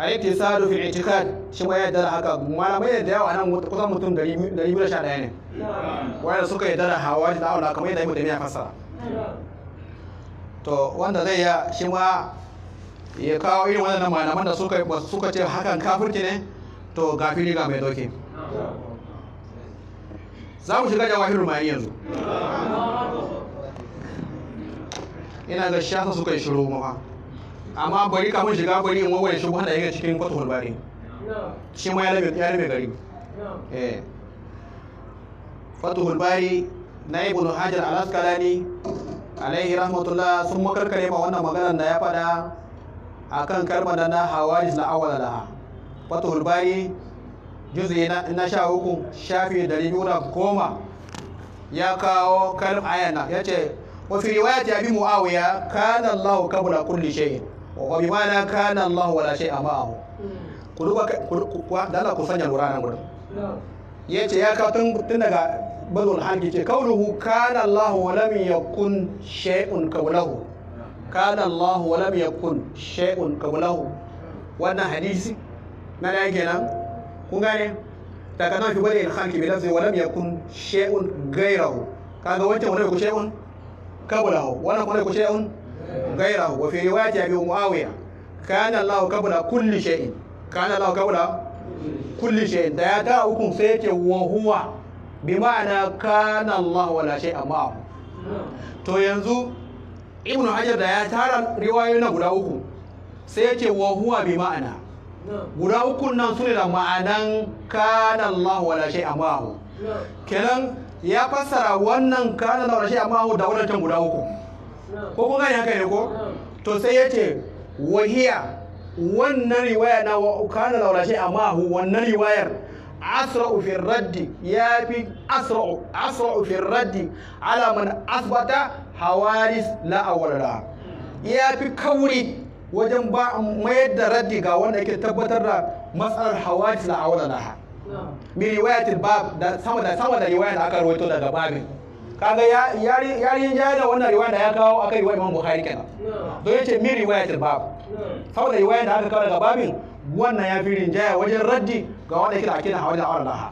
al-iktisadu fil i'tiqad shi ma ya da haka malamai da yawa nan kusan mutum 211 ne wanda suka yarda da hawali da awal kamar yadda mu da ya fasara to wanda zai ya shi ma ya kawo irin wannan malaman da suka suka ce hakan kafirci ne to gafiri ga mai doki za mu shiga jawahir ma'ani yanzu ina ga shasa suka yi shiru mawa amma bari kamun shiga bari in wawaye shubuhan da yake cikin kwatul bari shi ma ya rabe gari eh fatuhul bari na ibn hajar al-asqalani alaihi rahmatullah sun makarkare ma wannan maganar da ya fada akan kalmar da na hawadis na awala laha fatahul bari juzu na sha hukun shafi da biyu goma ya kawo kalm ayana ya ce wa fi riwayati abi muawiya kana allah qabla kulli shay wa bi mana kana allah wala shay ma'ahu ku duba ku da ku sanya lura nan gurin ya ce ya kawo tun daga bazul hangi ce kauluhu kana allah wa lam yakun shay'un qablahu kana Allah wa lam yakun shay'un qablahu wannan hadisi na da kenan ku gane daga nan fi gwada ilhanki bi lafzi wa lam yakun shay'un ghayrahu kaga wancan wani ku shay'un qablahu wannan kuma ku shay'un ghayrahu wa fi riwayati abi muawiya kana Allah qabla kulli shay'in kana Allah qabla kulli shay'in da ya ga hukun sai yake wa huwa bi ma'ana kana Allah wala shay'a ma'ahu to yanzu ibn hajar da ya tara riwayoyi na guda uku sai ya ce wa huwa bi ma'ana guda uku nan su ne da ma'anan kana Allah wala shay amahu kenan ya fassara wannan kana Allah wala shay amahu da wannan guda uku ko kun gani haka ne ko to sai ya ce wahiya wannan riwaya na wa kana Allah wala shay amahu wannan riwayar asra'u fi raddi ya fi asra'u asra'u fi raddi ala man asbata hawaris la'awarra ya fi kauri wajen ba mayar da raddi ga wanda ke tabbatar da matsalar hawaris la'awarra bi riwayatil bab da sama da sama da riwaya da aka rawaito daga babin kaga yarin jaya da wannan riwaya da ya kawo aka riwaya Imam Bukhari kenan don yace mi riwayatil bab saboda riwaya da aka kawo daga babin wannan ya fi rinjaya wajen raddi ga wanda kira kira hawa da aure laha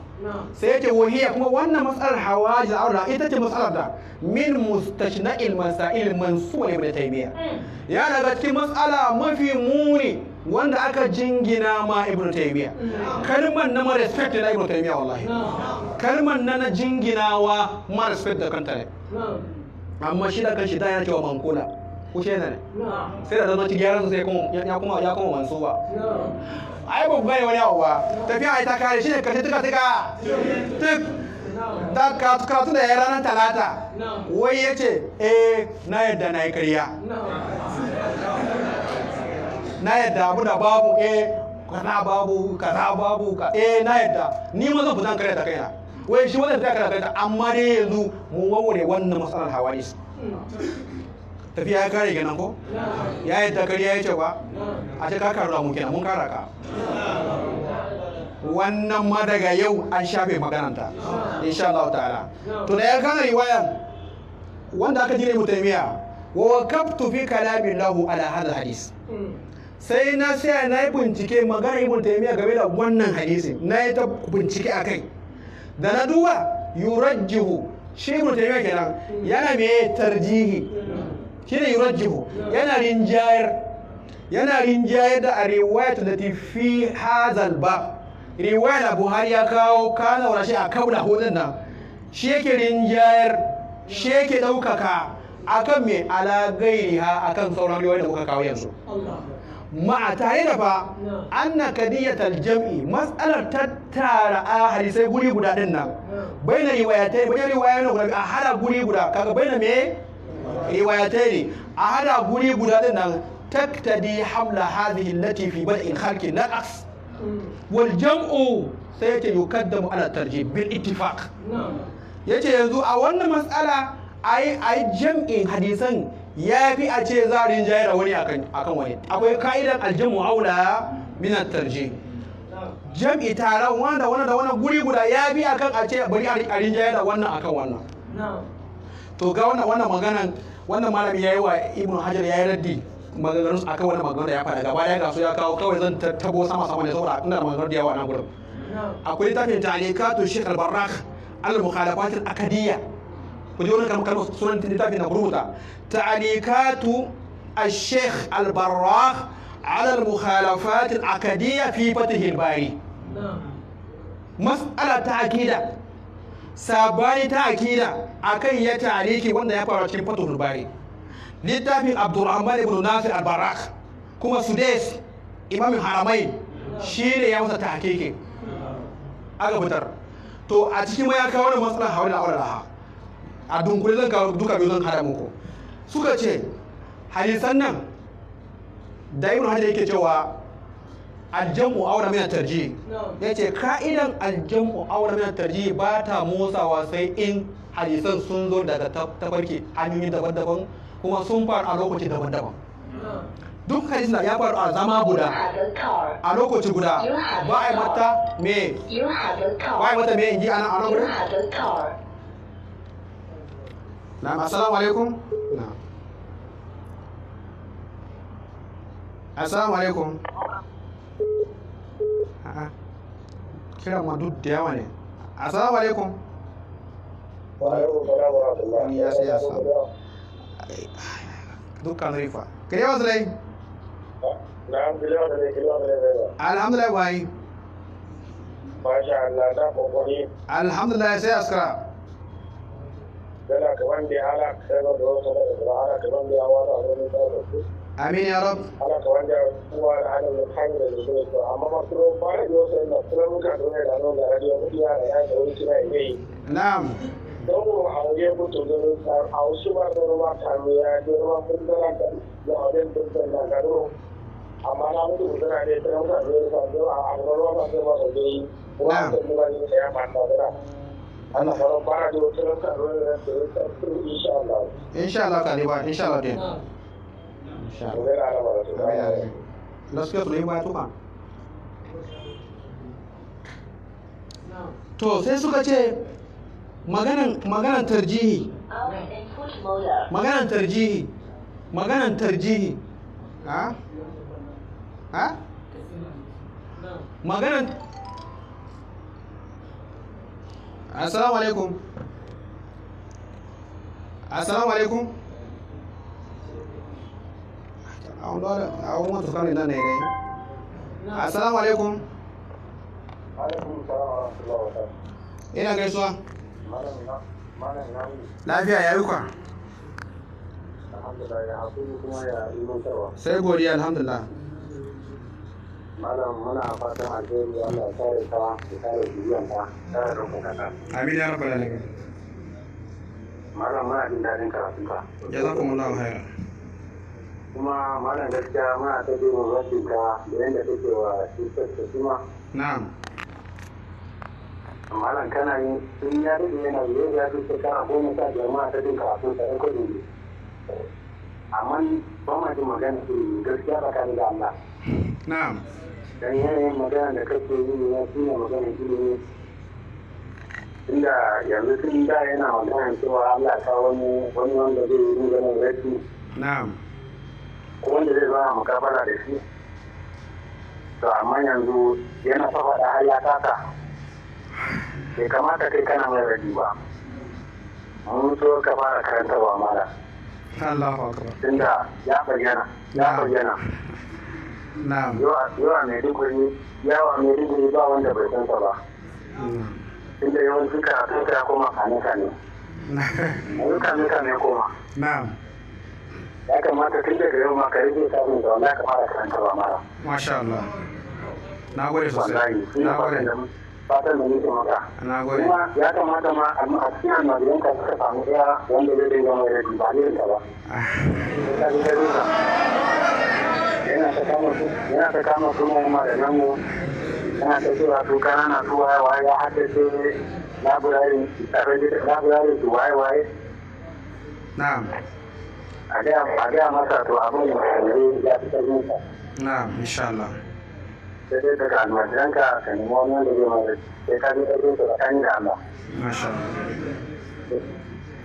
sai yake wahiya kuma wannan matsalar hawa da aure laha ita ce matsalar da min mustashna'il masail mansuwa ibn taymiya hmm. ya daga cikin matsala mafi muni wanda aka jingina ma ibn taymiya hmm. kalmar na respect na ibn taymiya wallahi kalmar na na jinginawa ma respect da kanta ne amma shi da kanshi da ya ce wa mankula kushe ne sai da ta ya kuma wansu ba wani ba tafiya ai ta kare ta da ranar talata wai ya ce eh na yadda na yi karya na yadda abu da babu eh kaza babu kaza babu ka eh na yadda ni ma zan fitan kare da kaina wai shi wannan ta kare da amma dai yanzu mu warware wannan matsalar hawadis tafiya ya kare kenan ko ya yi kariya ya ce cewa. a ce ka karuwa mu kenan mun kara ka wannan ma daga yau an shafe magananta insha Allah ta'ala to da ya kana riwayan wanda aka jire mutaimiya wa waqaftu fi kalami lahu ala hadha hadis sai na sai na yi bincike magana ibn taymiya game da wannan hadisin na yi ta bincike a kai da na duba yurajjihu shi ibn taymiya kenan yana me tarjihi shine yurajjihu yana rinjayar yana rinjayar da riwayat da fi hazal ba riwayar da Buhari ya kawo kana wala shi a kaula hudun nan shi yake rinjayar shi yake daukaka akan me ala a akan sauran riwayar da kuka kawo yanzu ma'a tare da fa anna kadiyatal jam'i matsalar tattara a hadisai guri guda din nan baina riwayatai baina na guda a hala guri guda kaga baina me riwayatai ne a hada guri guda din nan taktadi hamla hadhihi allati fi bad'in khalqi naqas wal jam'u sai yace yukaddamu ala tarjib bil ittifaq yace yanzu a wannan matsala ai ai jam'in hadisan ya fi a ce za a rinjaye da wani akan wani akwai ka'idan aljamu aula min tarji jam'i taron wanda wani da wani guri guda ya fi akan a ce bari a rinjaye da wannan akan wannan to ga wannan maganan wannan malami yi wa Ibn hajar yi raddi maganganun akan wannan maganganun da ya faɗa gaba ya su ya kawo kawai zan tabo sama sama ne saboda ina maganganun da yawa nan gurin akwai tafin talikatu shaykh al-barrakh al-mukhalafat akadiyya ku ji wannan kalmar sunan littafin na rubuta talikatu الشيخ البراخ على المخالفات العقدية في فتح الباري مسألة عقيدة sabani ta akida kan ya tariki wanda ya faru cikin fatul bari littafin abdurrahman ibn nasir al-barak kuma sudes imamin haramai shi ne ya masa hakiki aka fitar to a cikin ma ya kawo wannan matsalar da aulaha a dunkule zan kawo duka biyu zan hada muku suka ce hadisan nan da ibn hajar yake cewa aljamu aura min tarji ya ce ka'idan aljamu aura min tarji ba ta motsawa sai in hadisan sun zo daga tafarki hanyoyi daban-daban kuma sun faru a lokaci daban-daban duk hadisin ya faru a zama guda a lokaci guda ba a yi mata me ba a yi mata me in ji a nan a lokaci na assalamu alaikum na'am assalamu alaikum a'a kira ma duk da yawa ne assalamu alaikum ya sai ya samu dukkan rifa kare wasu lai alhamdulillah bai alhamdulillah sai askara Yana kaman da ya halaka sai da wata da halaka kaman da ya wata a wani tsarki. Amin ya Rab. Naam. Insya Allah. Insya Allah kali insya Allah gaskiya su ya tuba to sai suka ce maganan tarjihi maganan tarjihi maganan tarjihi ha? ha? maganan assalamu alaikum assalamu alaikum awon dɔ awon moto kan na nɛrɛ assalamu alaikum ina gaisuwa lafiya yayi kwa sai godiya alhamdulillah malam muna fatan alheri Allah ya kare ka ya kare zuriyarka ya kare rukunka amin ya rabbal alamin malam muna jin dadin karatunka jazakumullahu khairan kuma malam gaskiya muna ta duba wajinta da yadda take wa cutar ta suma. Na'am. Malam kana yi sun ya duka yana yi ya fi shekara goma sa biyar ma ta duka kafin ta ɗauka ne. Amma ba ma ji magana su gaskiya ba ka da Allah. Na'am. Dan yanayin magana da kake yi ya fi ne magana ne. inda yanzu sun da yana magana cewa Allah ta wani wani wanda zai yi maganar rashi. Na'am. ko wanda zai zama mukabala da shi to amma yanzu yana fafaɗa har ya kasa bai kamata kai kana mai rabi ba mun so ka fara karanta ba mala Allahu akbar tunda ya bayyana ya bayyana na'am yawa mai digiri yawa mai digiri ba wanda bai san sa ba tunda yawanci karatu ya koma kane kane ayyuka ne kane koma na'am ya kamata tun daga yau ma ka rage samun da wanda ka kamata ka ba mara. Masha Allah. Na gode sosai. Na gode. Fatan da nake maka. Na gode. Kuma ya kamata ma a cikin almajiran ka suka samu ɗaya wanda zai dinga mai rabi ba ne ah. ka ba. Yana ta kama su, yana ta kama su mu ma nan mu. Yana ta cewa su kanana su waye waye ya haddace labirarin, labirarin su waye waye. Na'am. a gaya masa to abin yanzu ya fi ƙarfin ka. na'am insha Allah. sai dai daga almajiran ka ka nemi wani wanda zai mai sai ka bi ƙarfin ka tsakanin da Allah. masha Allah.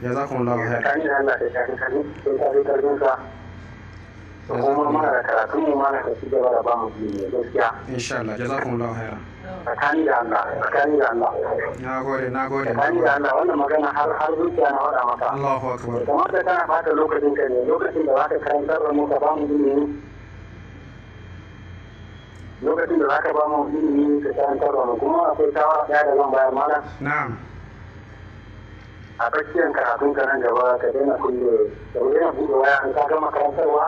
ya za ku lafiya. tsakanin da Allah sai ka bi ƙarfin ka. kuma muna da da da ba insha Allah da Allah da Allah na gode na gode da Allah magana har har zuciya na wada maka kamar lokacin lokacin da zaka karantar mu ka ba mu biyu lokacin da ba mu ka karantar da mu kuma akwai shawara daya da zan bayar mana na'am a tsakiyar karatun ka nan gaba ka daina da ka daina buɗe waya in ka gama karantarwa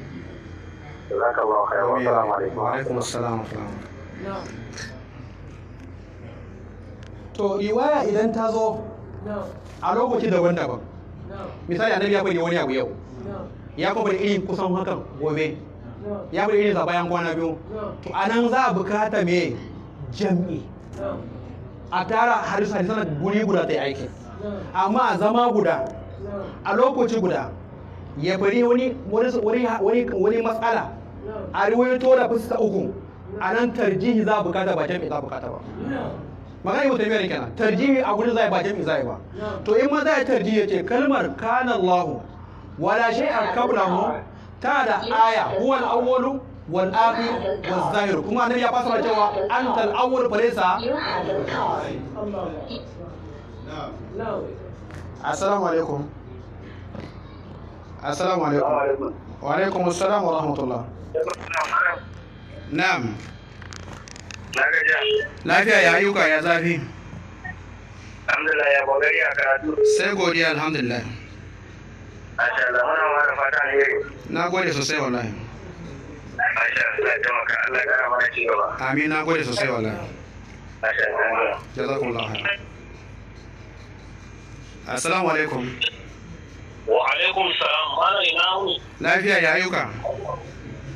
jazakallahu khairan wa assalamu alaikum wa alaikum assalam to riwaya idan ta zo a lokaci daban-daban misali annabi ya bari wani abu yau ya kuma irin kusan hakan gobe ya bari irin sa bayan kwana biyu to nan za a bukata me jam'i a tara hadisa hadisan guri guda ta yi aiki amma a zama guda a lokaci guda ya bari wani matsala a riwayato da fuska uku a nan tarjihi za a bukata ba jami'i za a bukata ba magana ibn taymiyyah kenan tarjihi a gurin zai ba jami'i zai ba to in ma zai tarjihi ce kalmar kana Allah wala shay'a mu ta da aya huwa al-awwalu wal akhir wal zahir kuma annabi ya fasara cewa antal awwal falaysa assalamu alaikum assalamu alaikum wa alaikum assalam wa rahmatullah Na'am. Lafiya ya ayyuka ya zafi. Alhamdulillah ya kokari ya karatu. Sai godiya alhamdulillah. Allah fata Na gode sosai wallahi. Allah Allah ya mana ci gaba. Amin na gode sosai wallahi. Masha Allah. khair. Assalamu alaikum. Wa alaikum salam. ina mu. Lafiya ya ayyuka.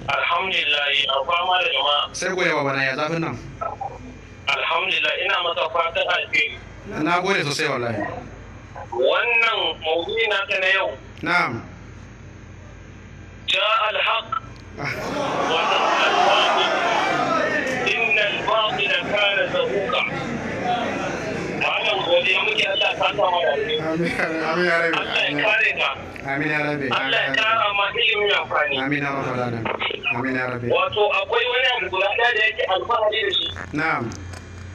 alhamdulillah a fama da jama'a sai goya bana ya zafin nan alhamdulillah ina masa fatan alheri na gode sosai wallahi wannan maudu'i na ta na yau na'am ja alhaq wannan ah. alfani inna al-batil kana zahuqa wannan gobe muke Allah ta kama da amin ya rabi Allah ya kare ka amin ya rabi Allah ya ma ilimi amfani amin ya rabbal amina ya rabbi wato akwai wani abu guda da yake alfahari da shi na'am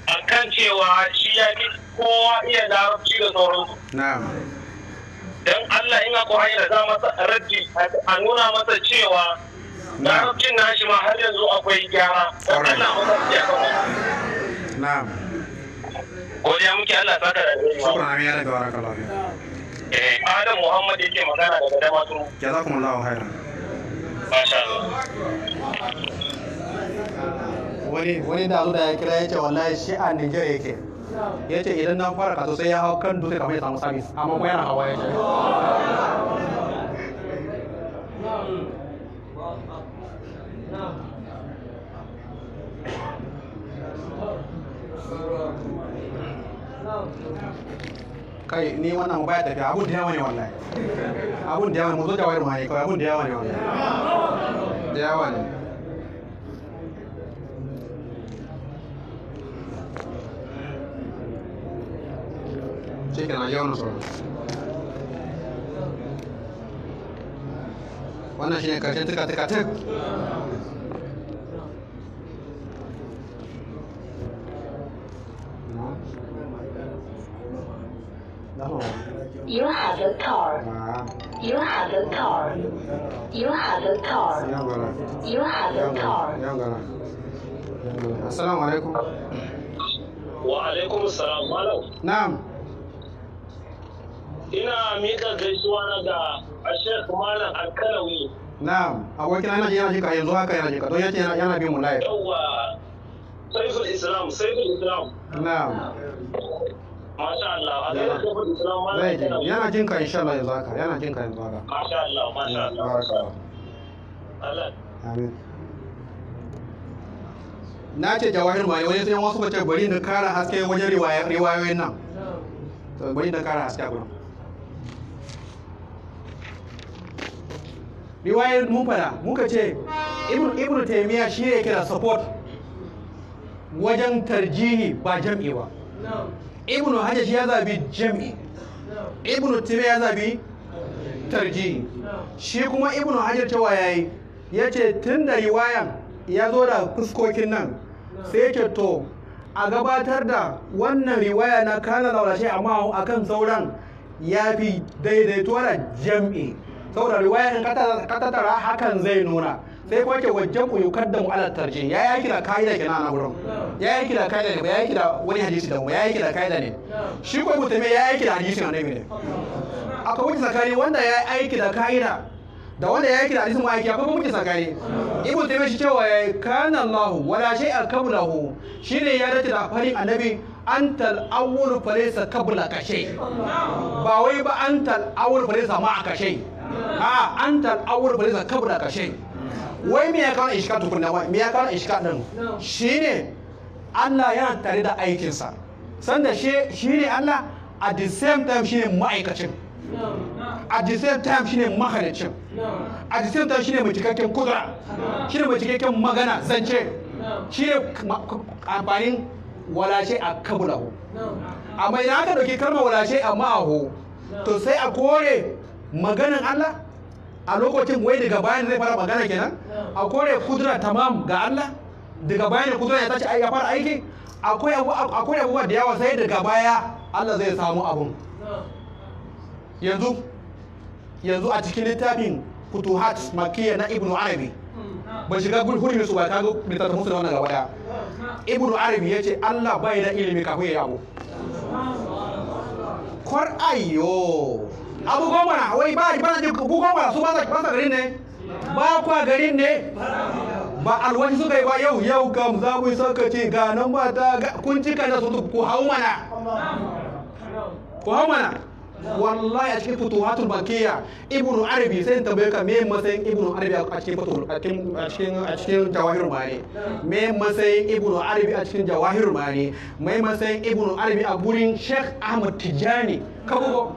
akan cewa shi ya fi kowa iya larabci da sauransu na'am dan Allah in ga hanyar da za masa raddi a nuna masa cewa larabcin nashi ma har yanzu akwai gyara dan Allah masa ya kawo na'am godiya muke Allah saka da shukran amin ya rabbi wa barakallahu Eh, Adam Muhammad yake magana daga Damaturu. Jazakumullahu khairan. Masha Wani wani da zo da ya kira ya ce wallahi shi a Niger yake. ce idan na fara kaso sai ya hau kan dutse kamar ya samu sabis amma kuma yana hawa yace. Thank you. kai ni wannan mu baya tafiya abun da yawa ne wallahi abun da yawa mu zo jawar ma ne kawai abun da yawa ne wallahi da yawa ne Sí, que la Wannan shine karshen tuka tuka tuk. Thank you. You have a car. You have a car. You have a car. You have a car. Assalamu alaikum. Wa alaikum assalam malam. Na'am. Ina miƙa gaisuwa na ga Ashek Malam Alkalawi. Na'am, abokin yana yana jika yanzu haka yana jika don yace yana yana bin mu live. Islam, Saiful Islam. Na'am. Masha Allah, yana jin ka insha Allah yanzu haka, yana jin ka yanzu haka. Masha Allah, masha Allah. Allah. Amin. Na ce jawahir mai wani sai wasu bace bari na kara haske wajen riwayoyin nan. To bari na kara haske gurin. Riwayar mun fada muka ce Ibn Ibn Taymiyyah shi ne kira support wajen tarjihi ba jam'i ba. ibnu hajjaj ya zabi jam'i ibnu tibi ya zabi tarji shi kuma ibnu hajjaj ta wayayi ya ce tun da riwayan ya zo da fuskokin nan sai ya to a gabatar da wannan riwaya na kana laulace amma akan sauran ya fi daidaituwa da jam'i saboda riwaya in hakan zai nuna sai kuma ke wajen ku yukaddamu ala tarjih ya yi kira kaida kenan a wurin ya yi kira kaida ne ba ya yi kira wani hadisi da ba ya yi kira kaida ne shi ko mutum ya yi kira hadisi annabi ne akwai wuce tsakani wanda ya yi aiki da kaida da wanda ya yi kira hadisin ma'aiki akwai kuma wuce tsakani ibn taymiyyah shi cewa ya kana Allah wala shay'a qablahu shine ya dace da farin annabi antal awwal falaysa qabla kashe. ba wai ba antal awwal falaysa ma'a kashay a antal awwal falaysa qabla kashe. wai me ya kawo shiga tukunna wai me ya kawo shiga din shine Allah yana tare da aikinsa sanda shi ne Allah at the same time shine ma'aikacin at the same time shine mahalicin at the same time shine mai cikakken kudura ne mai cikakken magana zance shi ne amfanin walace a kabulahu amma idan aka ɗauki kalmar walace a ma'ahu to sai a kore maganin Allah a lokacin wai daga bayan zai fara magana kenan a kore kudura tamam ga Allah daga bayan kudura ya tashi ya fara aiki akwai akwai abubuwa da yawa sai daga baya Allah zai samu abun yanzu yanzu a cikin littafin futuhat makiyya na ibnu arabi ba shiga hurumin su ba ta ga littafin musu wannan gaba daya ibnu arabi ya ce Allah bai da ilimi kafin ya yabo kwar'ayyo abubuwan mana wai ba ba ji abubuwan goma su ba ki fasa garin ne ba kwa garin ne ba alwani suka yi ba yau yau mu za mu yi ce, ga nan ba ta kun cika da su ku hau mana ku hau mana wallahi a cikin futuhatul makiyya ibn arabi sai ta bai ka me matsayin ibn arabi a cikin futuhul a cikin a cikin jawahir mani me matsayin ibn arabi a cikin jawahir mani me matsayin ibn arabi a gurin sheikh ahmad tijani kago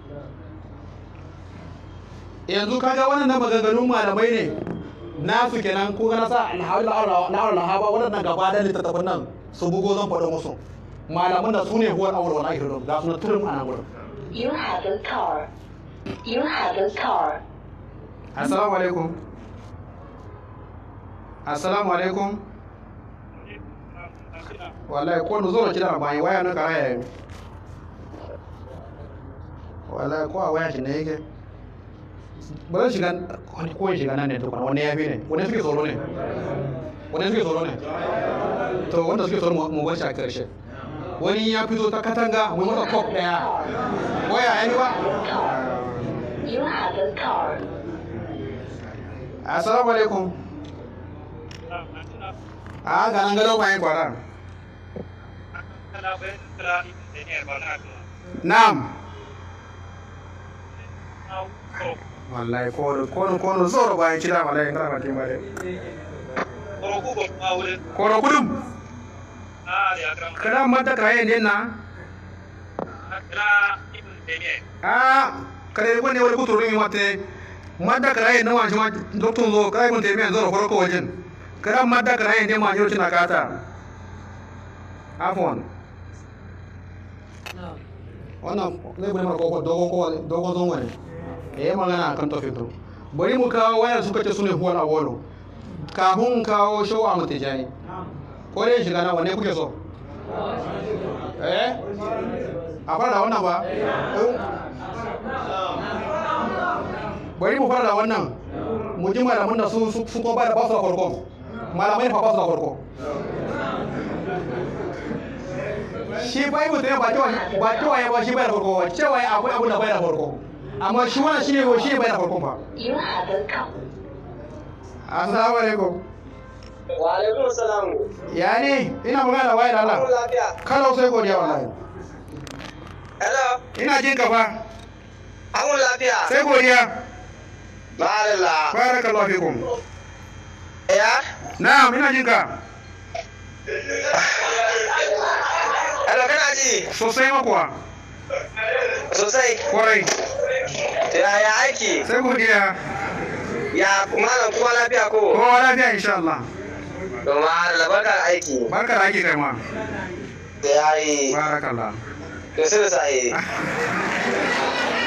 yanzu kaga wannan maganganun malamai ne na su kenan ko na sa na'ar lahaba waɗannan gaba da littattafan nan su bugo zan faɗo musu, malaman da su ne huwar awar wani ahirin da su na turin a nan gurin. You have a car. You have a car. Assalamu alaikum. Assalamu alaikum. Wallahi ko nuzura kida bai waya na karaya. Wallahi ko a waya ne yake. ba zan shiga ko ya shiga nan ne tukuna wani ya fi ne wani suke tsoro ne wani suke tsoro ne to wanda suke tsoro mu bar shi a karshe wani ya fito ta katanga mu masa kop daya waya yani ba assalamu alaikum a ga nan gado bayan kwara na'am wallahi ko ko ko zoro bayan kida wallahi kana matin bare koro gudum kada mata kaye ne na a kare wani wani kuturu mi mate mata kaye ne wani ma doktun zo kai mun teme zoro koro ko wajen kada mata kaye ne ma yau tana kata afon wannan ne mara dogo dogo zon wani ya eh, yi magana akan tofin bari mu kawo wayar suka ce su ne a awolo kafin kawo show a jani ko dai shiga na wane kuke so eh a fara da wannan ba bari mu fara da wannan mu ji malamun da su su ko ba da ba su farko malamai fa ba su farko shi bai mutum ba cewa ya ba shi bai da farko cewa ya akwai abu da bai da farko amma shi wannan shine ko shine bayan farkon ba assalamu alaikum wa alaikum salam ya ne ina magana da wayar Allah kalau sai godiya wallahi hello ina jin ka fa an lafiya sai godiya Barilla. Barakallahu fikum. Ya? Na'am, ina jin ka. Hello, kana ji? Sosai makuwa. sosai kwarai yaya aiki sai godiya ya malam kowa lafiya ko kowa lafiya insha Allah domin Allah barka aiki barka aiki kai ma yayi barakallah to sai sai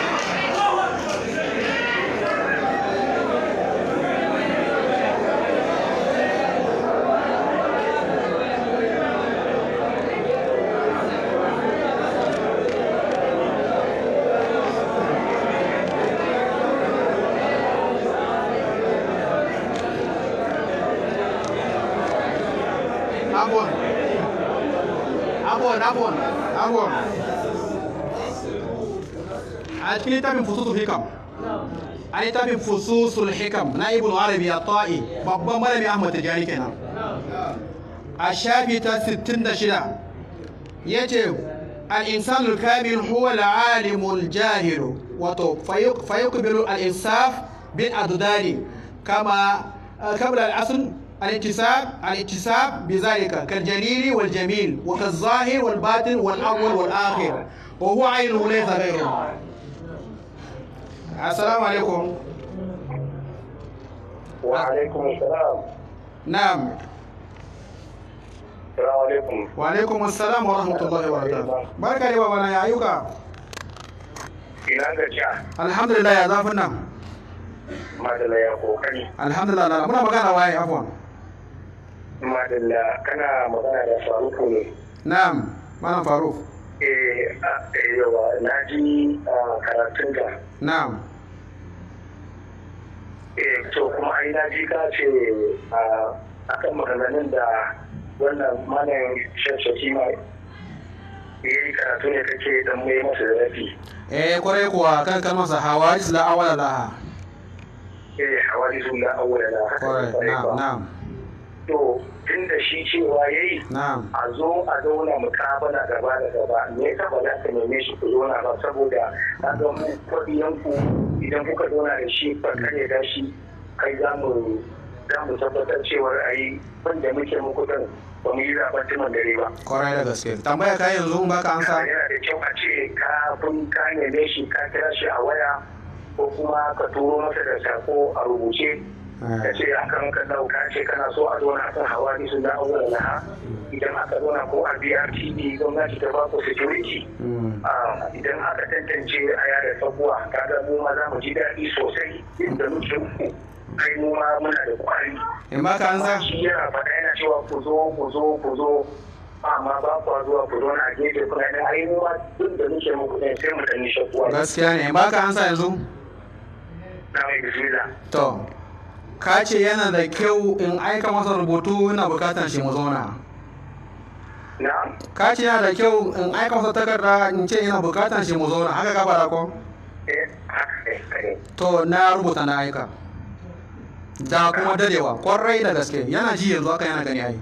cikin littafin فصوص الحكم a littafin فصوص الحكم نائب العربي الطائي بابا ta'i احمد تجاري كنا الشابي kenan دشدا يجب الإنسان الكامل هو العالم الجاهل فيقبل الإنصاف بالأضداد كما قبل الأصل الانتساب الانتساب بذلك كالجليل والجميل وكالظاهر والباطن والأول والآخر وهو عين ليس غيره assalamu alaikum wa alaikum salam na'am assalamu alaikum wa alaikum assalam wa rahmatullahi wa barakatuh barka da babana ya ayyuka ina gajiya alhamdulillah ya zafin nan madalla ya kokani. alhamdulillah muna magana waye afwan madalla kana magana da faruku ne na'am malam faruk eh na ji ah, karatun da na'am eh to kuma ai na ji ka ce a ah, akan maganganun da wannan malam shafshaki ma ya yi karatu ne kake dan mai masa da rafi eh kwarai kuwa kan kalmar sa hawaris la awala laha eh hawaris la awala laha kwarai na'am na'am to tun da shi cewa ya yi a zo a zauna mukabala gaba da gaba me ya ba za ka neme shi ku zauna ba saboda a ga mu kwabiyanku idan kuka zauna da shi ba kare da shi kai za mu za mu tabbatar cewar a yi ban da muke muku ba mu yi zaɓen tunan dare ba. Kwarai da gaske. Tambaya ka yanzu ba ka amsa. Yana da kyau a ce ka kun ka neme shi ka kira shi a waya ko kuma ka turo masa da sako a rubuce da ce a kan ka dauka ce kana so a zona kan hawari sun da abubuwan laha idan aka zona ko a brtb gwamnati ta bako security hmm. ah, idan aka tantance a yare sabuwa kaga mu ma za mu ji daɗi sosai da muke uku kai mu ma muna da kwari. in eh, ba ka anza shi yana faɗa yana cewa ku zo ku zo ku zo amma ba kwa zuwa ku zo na gefe kuma idan ai mu ma duk da muke muku ɗin sai mu nishe kuwa. gaskiya ne ba ka ansa yanzu. na mai bismillah. to. ka ce yana da kyau in aika masa rubutu ina bukatan shi mu zauna ka ce yana da kyau in aika masa takarda in ce ina bukatan shi mu zauna haka ka fara ko eh, to na rubuta na aika da kuma dadewa kwarai da gaske yana ji yanzu haka yana gani ai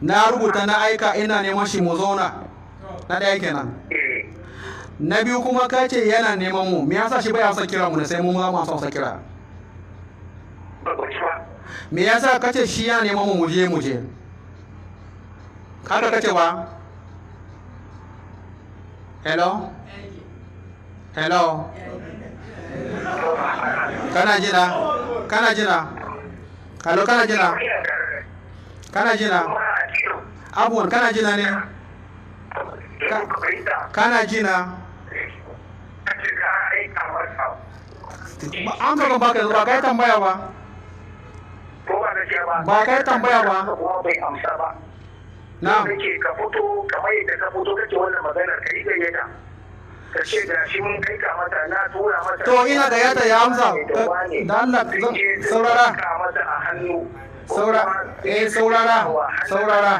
na rubuta na aika ina neman shi mu zauna na ɗaya nan eh, na biyu kuma ka ce yana neman mu me yasa shi bai son kira mu na sai mu za mu sa kira me yasa ka ce shi yana neman mu muje muje haka ka ce ba hello hello kana jina kana jina hello kana jina kana jina abuwan kana jina ne kana jina cika aika masa an ka baka ba kai tambaya ba ko ba ba kai tambaya ba na kake ka fito ka fito kake wannan ka ce ga shi mun kai ka mata na tura mata to ina gayyata ya amsa da Allah zan saurara ka mata a hannu saura eh saurara saurara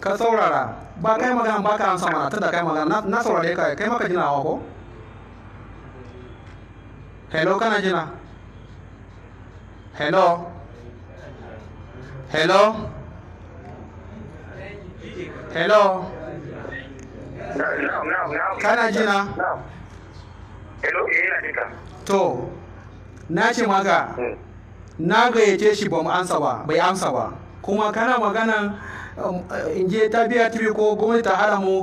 ka saurara ba kai magana ba ka amsa mana tunda kai magana na saurare ka kai maka jinawa ko hello kana jina hello hello hello kana jina hello eh na jina? to na ce maka hmm. na gayyace shi ba mu ansa ba bai amsa ba kuma kana magana um, eh, in je ta biya tiri ko gwamnati ta hada mu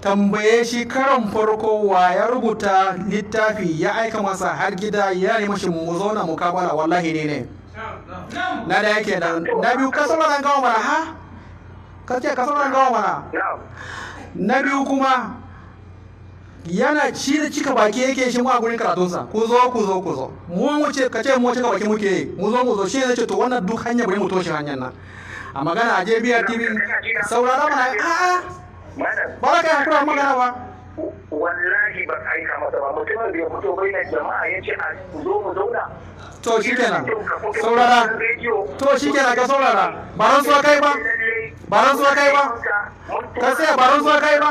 tambaye shi karan farko wa ya rubuta littafi ya aika masa har gida ya nemi shi mu zauna mu kabala wallahi ne ne na da yake nan na biyu ka sauraron gawa mana ha ka ce ka sauraron gawa mana na biyu kuma yana ci da cika baki yake shi mu a gurin karatunsa ku zo ku zo ku zo mu wuce ka ce mu cika baki muke yi mu zo mu zo shi zai ce to wannan duk hanya bari mu toshe hanyar nan a magana a je biyar tv saurara mana a a ba ka yi hakura magana ba wallahi ba aika masa ba mutum da ya bai na jama'a ya ce a zo mu zauna to shi kenan saurara to shi kenan ka saurara ba ran su kai ba ba rantsuwa kai ba ka sai ba rantsuwa kai ba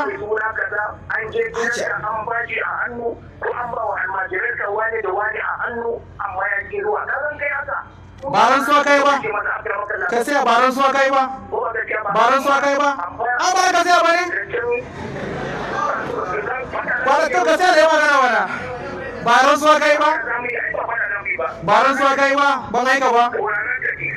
an je gidansa an baji a hannu ko an ba wa almajiransa wani da wani a hannu amma ya ke zuwa kazan kai haka ba rantsuwa kai ba ka sai ba rantsuwa kai ba ba kai ba an ba ka sai ba ka sai da yawa gana wana ba rantsuwa kai ba ba rantsuwa kai ba ban aika ba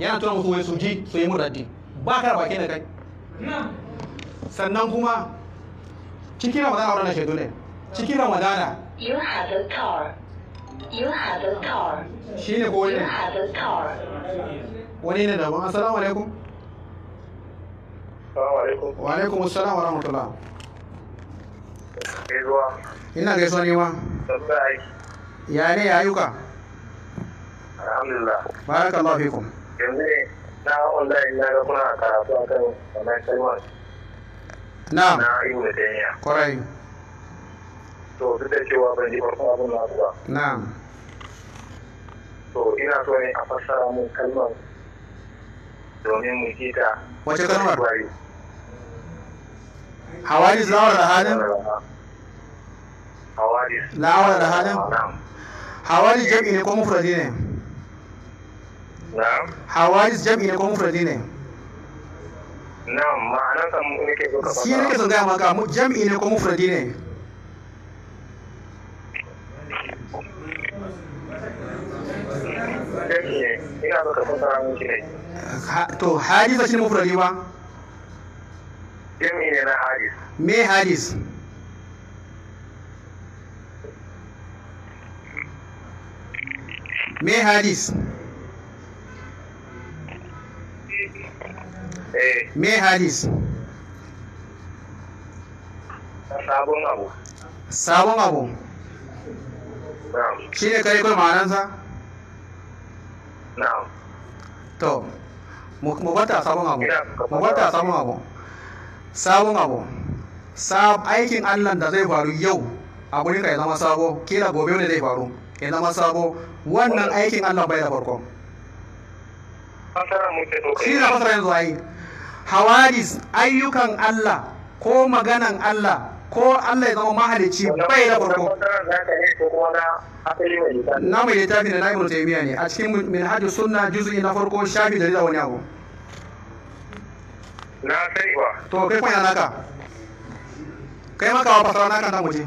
yana tura musu wai su ji su yi muradi, ba ka baki da kai sannan kuma cikin ramadana wannan shaidu ne cikin ramadana shi ne ko wani ne wani ne daban assalamu alaikum wa alaikum assalam wa rahmatullah ina gaisuwa ne ma ya ne ya yuka alhamdulillah barakallahu fikum yanzu ne na online na ga kuna karatu a kan wannan na na ibn taymiya to duk cewa ban ji farkon abin ba na to ina so ne a fassara mun kalmar domin mu ji ta wace kalmar hawari zawar da halin hawari lawar da halin hawari jami'i ne ko mufradi ne na'am jam'i ne ko mufradi ne na ma'anar ka mu nake so ka faɗa shi nake son gaya maka mu jam'i ne ko mufradi ne to hadis ka shi ne to mufradi ba jam'i ne na hadis me hadis me hadis me hadis sabon abu sabon abu shi ne kai ma'anansa to mu bata sabon abu mu bata sabon abu sabon abu sab aikin Allah da zai faru yau a gurin ka ya zama sabo kila gobe ne zai faru ya zama sabo wannan aikin Allah bai da farko shi na fasara yanzu yi. hawadis ayyukan Allah ko maganan Allah ko Allah ya zama mahalicci bai da farko na mai littafi da na ibn taymiya ne a cikin hajji sunna juzu na farko shafi da da wani abu na sai ba to kai kwaya naka kai maka wa fasara naka nan waje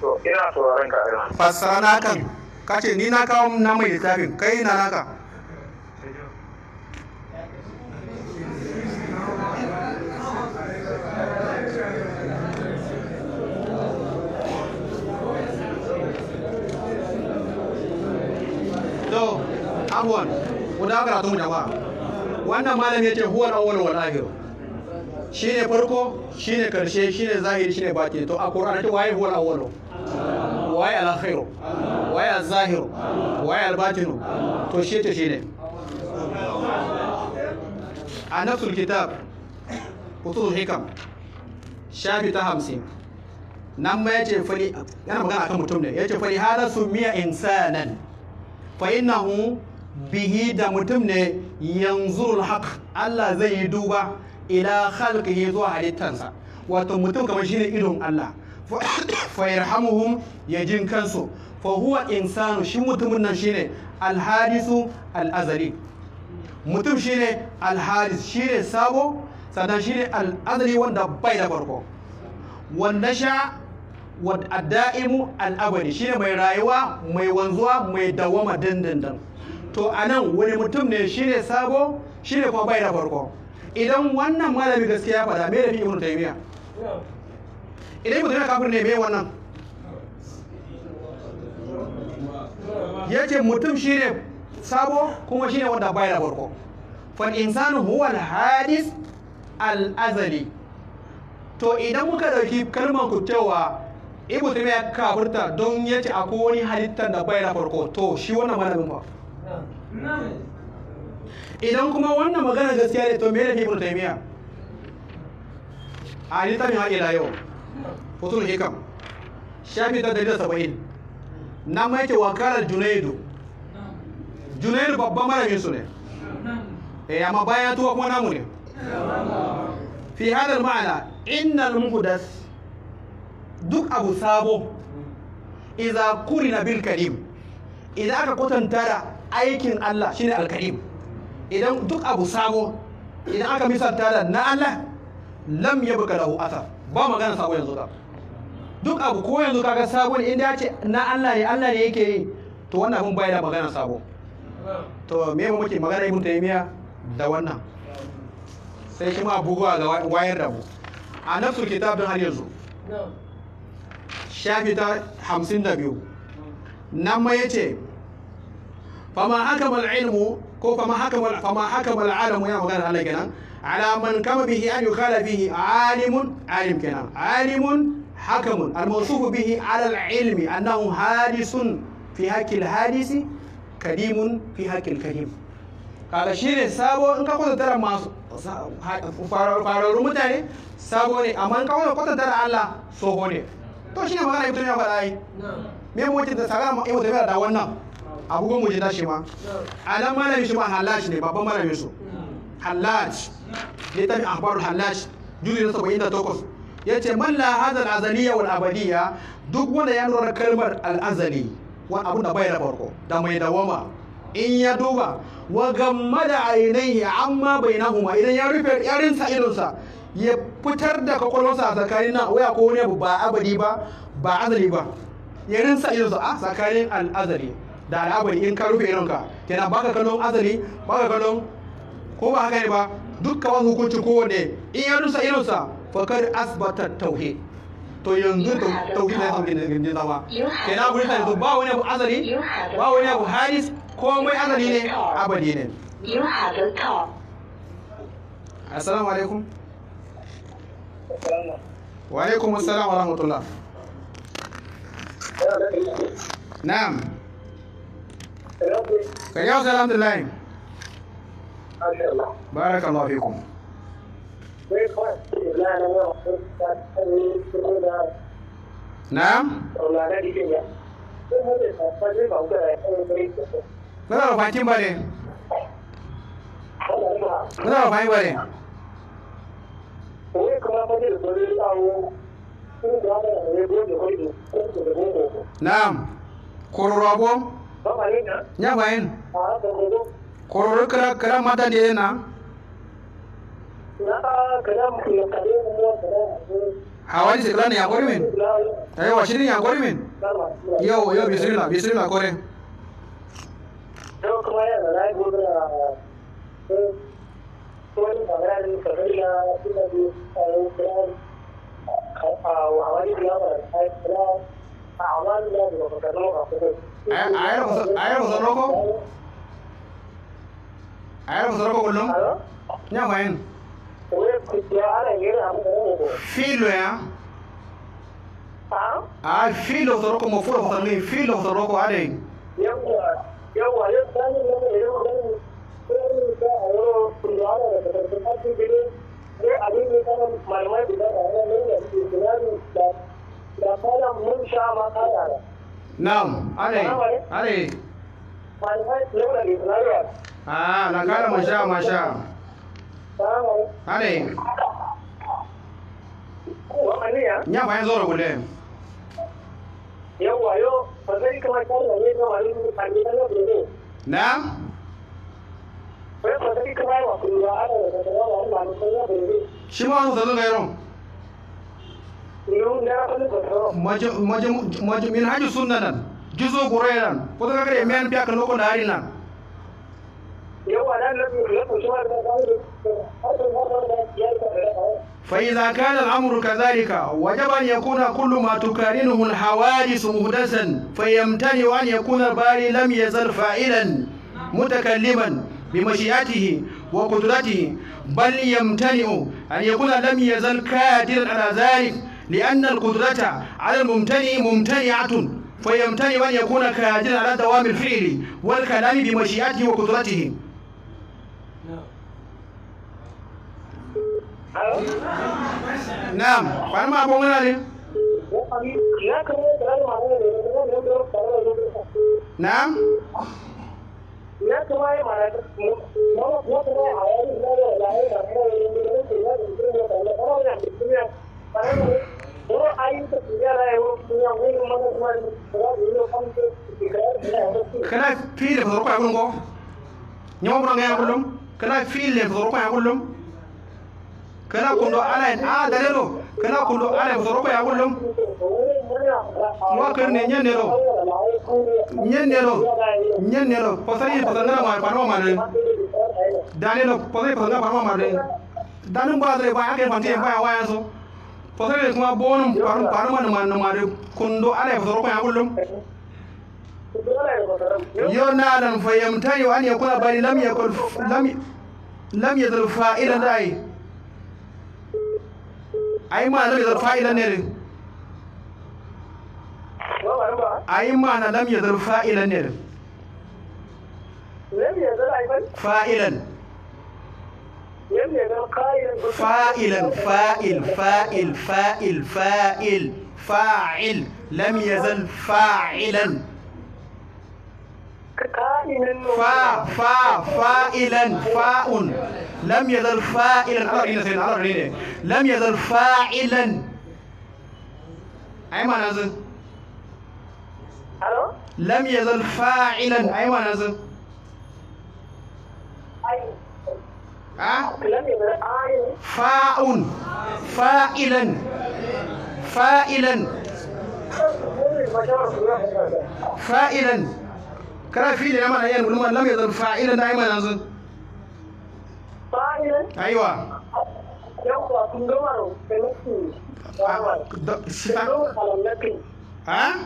to ina sauraron ka fasara naka kace ni na kawo na mai littafin kai na naka afwan mu da karatu mu jama'a wannan malam yace huwa al-awwal wal akhir shine farko shine karshe shine zahiri shine batin to a qur'ani ta waye huwa al-awwal waye al-akhir waye al-zahir waye al-batin to shi ta shine a nafsul kitab usul hikam shafi ta hamsin nan ma yace fari yana magana akan mutum ne yace fari hada sumiya insanan fa innahu bihi da mutum ne yanzu haq Allah zai yi duba ila khalqihi zuwa halittansa wato mutum kamar shine idon Allah fa yarhamuhum ya jin kansu fa huwa insanu shi mutumin nan shine alhadisu al'azali mutum shine alhadis shine sabo sannan shine al'azali wanda bai da farko wanda sha wadda da'imu shine mai rayuwa mai wanzuwa mai dawama dindindin to a nan wani mutum ne shi ne sabo shi ne kuma bai da farko idan wannan malami gaskiya faɗa me da fi ibnu taymiya idan ibnu taymiya kafir ne me wannan yace mutum shi ne sabo kuma shi ne wanda bai da farko fal insanu huwa al hadis al azali to idan muka dauki kalmar ku cewa ibnu taymiya kafirta don yace akwai wani halittar da bai da farko to shi wannan malamin ba idan kuma wannan magana gaskiya ne to me da ibn taymiya a ni tabi haƙi la yau futul hikam shafi ta dalil saba'in na mai ke wakalar junaidu junaidu babban malamin su ne eh amma bayan tuwa kuma namu ne fi hadar ma'ana innal muhdas duk abu sabo kuri na bil karim idan aka kwatanta da aikin Allah shine alkarim idan duk abu sabo idan aka misalta da na Allah lam ya buga lahu asar ba magana sabo yanzu ka duk abu ko yanzu kaga sabo ne inda ya ce na Allah ne Allah ne yake yi to wannan abin bai da magana sabo to me ba muke magana ibn taymiya da wannan sai kuma abubuwa ga wayar da mu a nafsu kitab din har yanzu shafi ta 52 nan ma yace fama hakamal ilmu ko fama hakamal fama hakamal alamu ya magana Allah kenan ala kama bihi an yukhala bihi alimun alim kenan alimun hakamun al-mawsuf bihi ala al-ilmi annahu hadisun fi haqqil hadisi kadimun fi haqqil kadim kaga shine sabo in ka kwatanta masu mutane amma in ka kwatanta Allah soho ne to shine magana ibn ya faɗa yi me mu ce da salama da wannan agogon mu da shi ma alam malamin shi ma halaj ne babban malamin su hallaj littafin akhbarul halaj juri na 78 yace man la hadha al azaliya wal abadiya duk wanda ya nuna kalmar al azali wa abun da bai da farko da mai dawama in ya duba wa gammada ainihi amma bainahuma idan ya rufe yarinsa idonsa ya fitar da kwakwalwarsa a tsakanin na waya ko wani abu ba abadi ba ba azali ba yarinsa idonsa a ah, tsakanin al azali da al'abari in ka rufe ka kenan baka kallon azali baka kallon ko ba haka ne ba dukkan wasu hukunci kowanne in ya rusa irinsa fakar asbata tauhid to yanzu tauhid ya sauke daga jirgin zama kenan abu nisa yanzu ba wani abu azali ba wani abu haris komai azali ne abadi ne assalamu alaikum wa alaikum assalam wa rahmatullah na'am kan yau sai alhamdulillah barakallahu fikum na'am Muna da nào ba ne? Muna da nào ba ne? Na'am, kururabo? nya wayin kororo kira kira mata ne na a wani sikila ne yankori min a yi eh, washirin yankori min yau yau bisirila bisirila kore a wani biya ba ayar ko soro ko ayar ko soro ko kullum ñamayin filo ya a filo soro ko mo furo ko sanni filo soro ko ade malamai da Naam, ale. Ale. Ah, nakala masha masha. Ale. Nyama ya zoro kule. Yawa yo, fadhali kama kana yeye kama alimu kanisa leo ndio. Naam. Wewe fadhali kama wa kuwa ana na kwa sababu ana na kwa sababu. Shimo zalo gairo. فإذا كان الأمر كذلك وجب أن يكون كل ما تكرره الحوادث مهدسا فيمتنع أن يكون الباري لم يزل فاعلا متكلما بمشيئته وقدرته بل يمتنع أن يكون لم يزل قادرا على ذلك لأن القدرة على الممتنع ممتنعة فيمتنع أن يكون قادرا على دوام الفعل والكلام بمشيئته وقدرته نعم فما أبو نعم نعم kana fi le fodoro kwa gungo nyamo bro ngaya kullum kana fi le fodoro kwa kullum kana kundo ala en a dalelo kana kundo ala fodoro kwa kullum mo kerne nyenero nyenero nyenero posai posanga ma pano ma le danelo posai posanga pano ma le danu ba dre ba ake pante ba wa yaso fasare kuma bonum parun parun man man ma de kundo ana fasaro ko ya kullum yo na dan fayyamta yo an yakuna bari lam yakul lam lam yadul fa'ila dai ai ma lam yadul fa'ila ne din ai ma na lam yadul fa'ila ne din lam yadul fa'ilan lam فاعل فاعل فاعل فاعل فاعل فاعل لم يزل فاعلا فا فا فاعلا فاء لم يزل فاعلا لم يزل فاعلا أي نزل لم يزل فاعلا أي نزل ها فاء فائلا فائلا فائلا كرا في لي ما يعني لما لم يضل فاعلا دائما انزل فاعلا ايوه آه، ها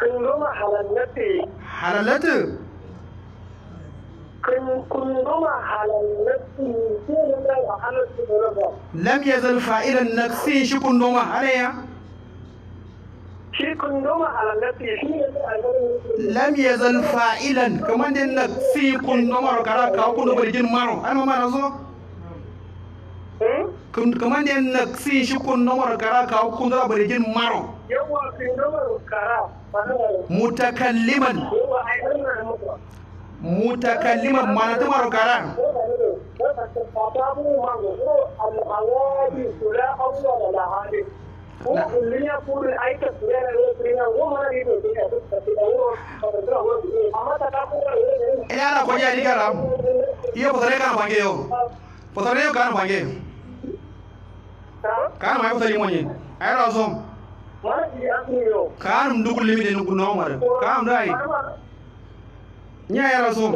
كندوما حلالته حلالته lam yazal fa'ilan nafsi shi kun noma halaya lam yazal fa'ilan kaman din nafsi kun noma kara ka kun noma din maro ai mama na zo hmm? kaman din nafsi shi kun noma kara ka kun noma din maro yawa kun noma kara mutakalliman mutakalima mana ta maro karan ina iyo potore kana mwange yo potore yo kana mwange kana mwange potore mwenye ayo razom kana nukunomare kana nya ya rasul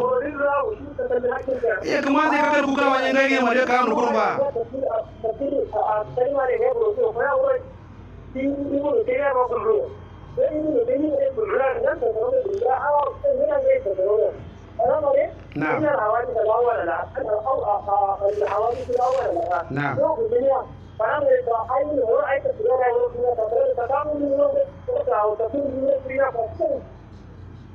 ya kuma zai kakar buga wani nage ma dai kawo kurba نعم نعم نعم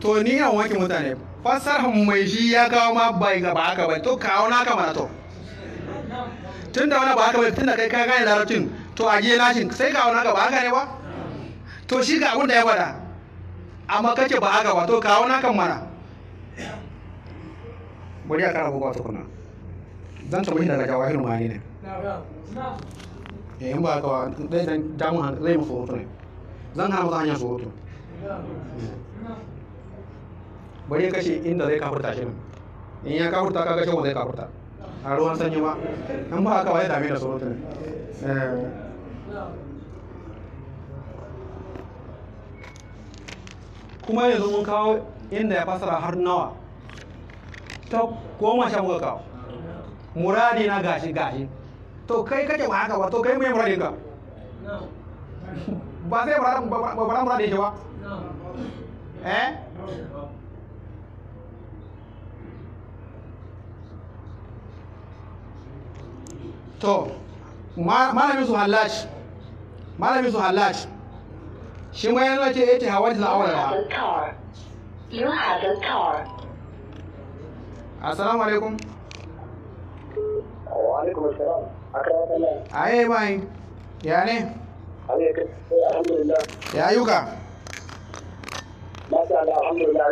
to ni an wanke mutane fassarar mai shi ya kawo ma bai ga ba haka bai to kawo na ka mana to tun da wani ba haka bai tun da kai ka gane larabcin to a jiye nashin sai kawo na ka ba haka ne ba to shi ga abin da ya faɗa amma kace ba haka ba to kawo na kan mana bari a kara buga tukuna zan tambayi daga jawahir mani ne eh in ba haka ba zai damu zai mafi hoto ne zan hana musu hanyar hoto bari kashe inda zai kafurta shi in ya kafurta kaga shi zai kafurta a ruwan sanyi ma in ba haka wai dame da surutu ne eh. kuma yanzu mun kawo inda ya fasara har nawa ta goma sha muka kawo muradi na gashi gashi to kai kake ba haka ba to kai mai muradin ka ba sai ba bara shi ba eh to malamin su hallaci malamin su hallaci shi ma yana ce ita eh, hawa da awara You Assalamu alaikum. a yi bayan Ya ne? Eh, alhamdulillah. Ya yuka. alhamdulillah.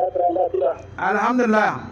Eh, alhamdulillah.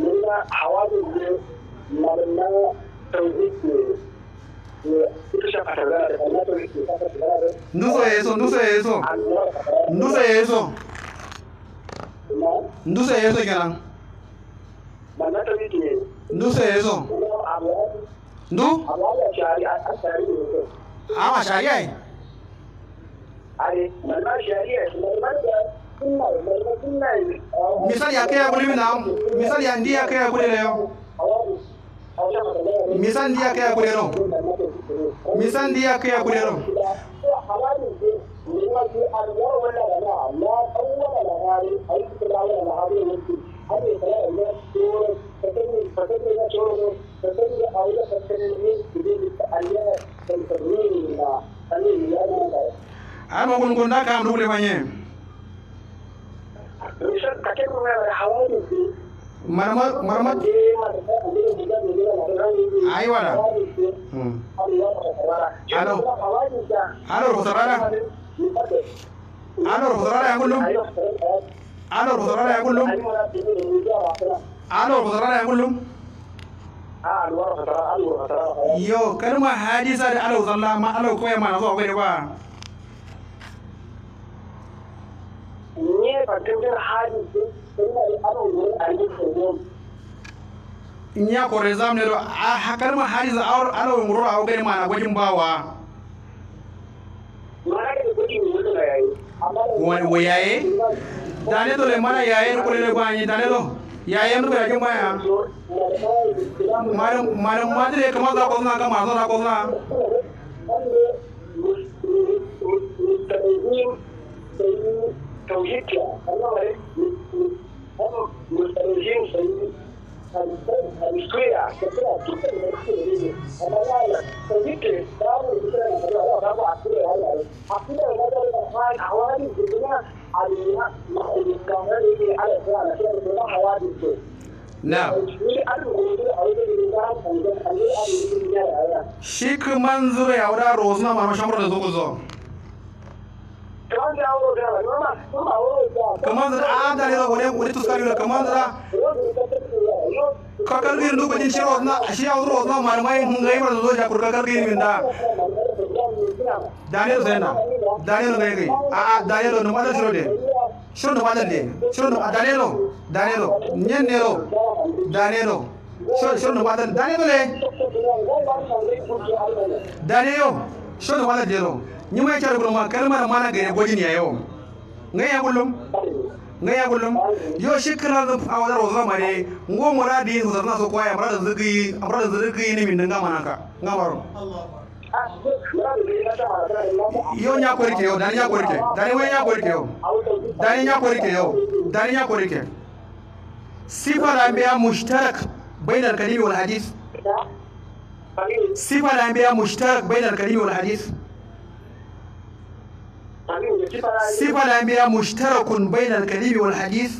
não hawazin não não tauhid não não não não yeso. Nduso não Nduso yeso não não não não não não Are, malaman aí malaman misali ya kaya kuli mina misali ya ndi ya kaya kuli leo misali ndi ya kaya kuli leo misali ndi ya kaya kuli leo Ano kun kun da kam du le fanyen marmar alo alo alo alo alo yo kalma hadisa da alo zalla ma alo koyama na zuwa kwai da ba in ya kore za mu ne a hakar ma hali za awar alawin wuro a wagai ma na gwajin bawa wa yaye dane to le mana yaye ko le ba ni dane do yaye no ba ke maya mare mare madre kama za ko na kama za ko na Thank you. तो ये क्या है Alikuwa katika tuko mwezi analala kwenye sababu ile ndio sababu akili haya akili ndio inafanya hawali dunia alina kama ile ala kwa ndio hawali tu Naam. Shik manzure awra rozna mama shamro zogo zo. kamanzara a amda ne wani wani tuskari na da kakar gini duk bajin shi rozna shi ya wuri rozna ma mai hunga imar da zoja kurka kakar gini min da daniel zaina daniel ngai ngai a a daniel no madal shiro de shiro no madal de shiro no daniel daniel nyen nero daniel shiro shiro no daniel le daniel shiro no madal de nyima ya bulum wa kalmar mana ga ya gojin ya yawo ngai ya bulum ngai ya bulum yo shikra da fa awar rozo mare ngo muradi yin zarna so kwaya murada zugi amrada zugi ne min nga ka nga baro yo nya ko rike yo dani nya ko rike dani we nya ko rike yo dani nya ko rike yo dani nya ko rike sifa rambiya mushtarak bainal kalimi wal hadith sifa rambiya mushtarak bainal kalimi wal hadith صفة الأنبياء مشترك بين الكلم والحديث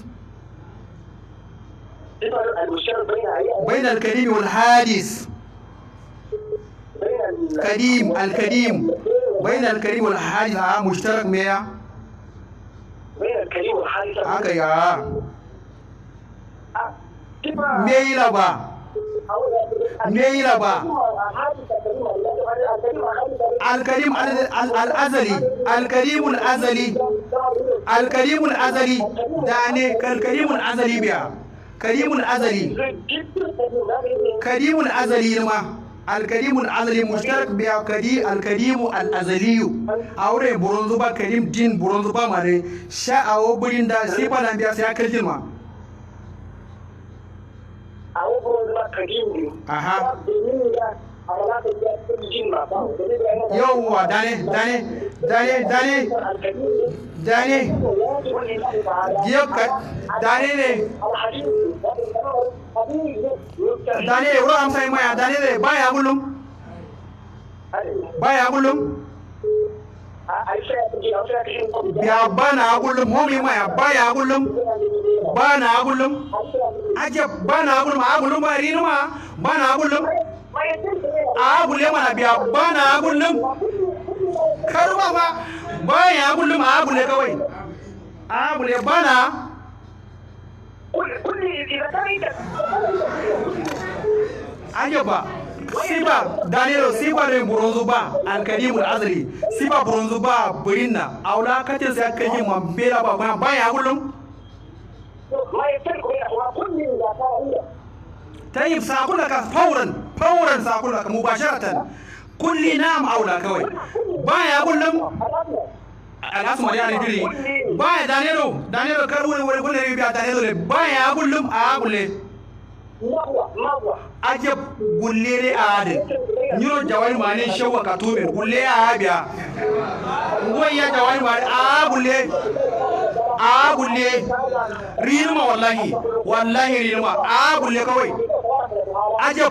بين الكلم والحديث كريم الكريم بين الكريم والحديث آه مشترك ميا بين الكريم آه، والحادث هكذا ميلا با nera ba alkarim al'azali alkarimul azali alkarimul azali da ne kalkarimul azali biya karimul azali karimul azali ma alkarimul azali mushtarak biya kadi alkarimu al'azaliyu aure buronzu ba karim din buronzu ba mare sha'awo burin da sai ba biya sai ya kalkin ma Aha. Yawwa dane dane dane dane dane giyakka dane ne dane amsa yi maya dane ne baya gulum baya gulum biya ba na agulum homi maya ba ya agulum ba na agulum aje ba na agulum agulum ba rinu ma ba na agulum agule mana biya ba na agulum karuwa ma ba ya agulum agule kawai agule ba na aje ba siba danilo siba ne buronzu ba alkadimu azri siba buronzu ba birinna aula kace sai yi ma bela ba ba baya kullum yi sakula ka fauran fauran sakula ka mubasharatan kulli nam aula kawai baya kullum alasu ma yana jiri baya danilo danilo karu wani wani kullum ya danilo le baya kullum a kulle aje gullere a ade jawani jawari mane shewa katube gulle a biya ngoy ya jawari mane a gulle a gulle rilma wallahi wallahi rilma a gulle kawai aje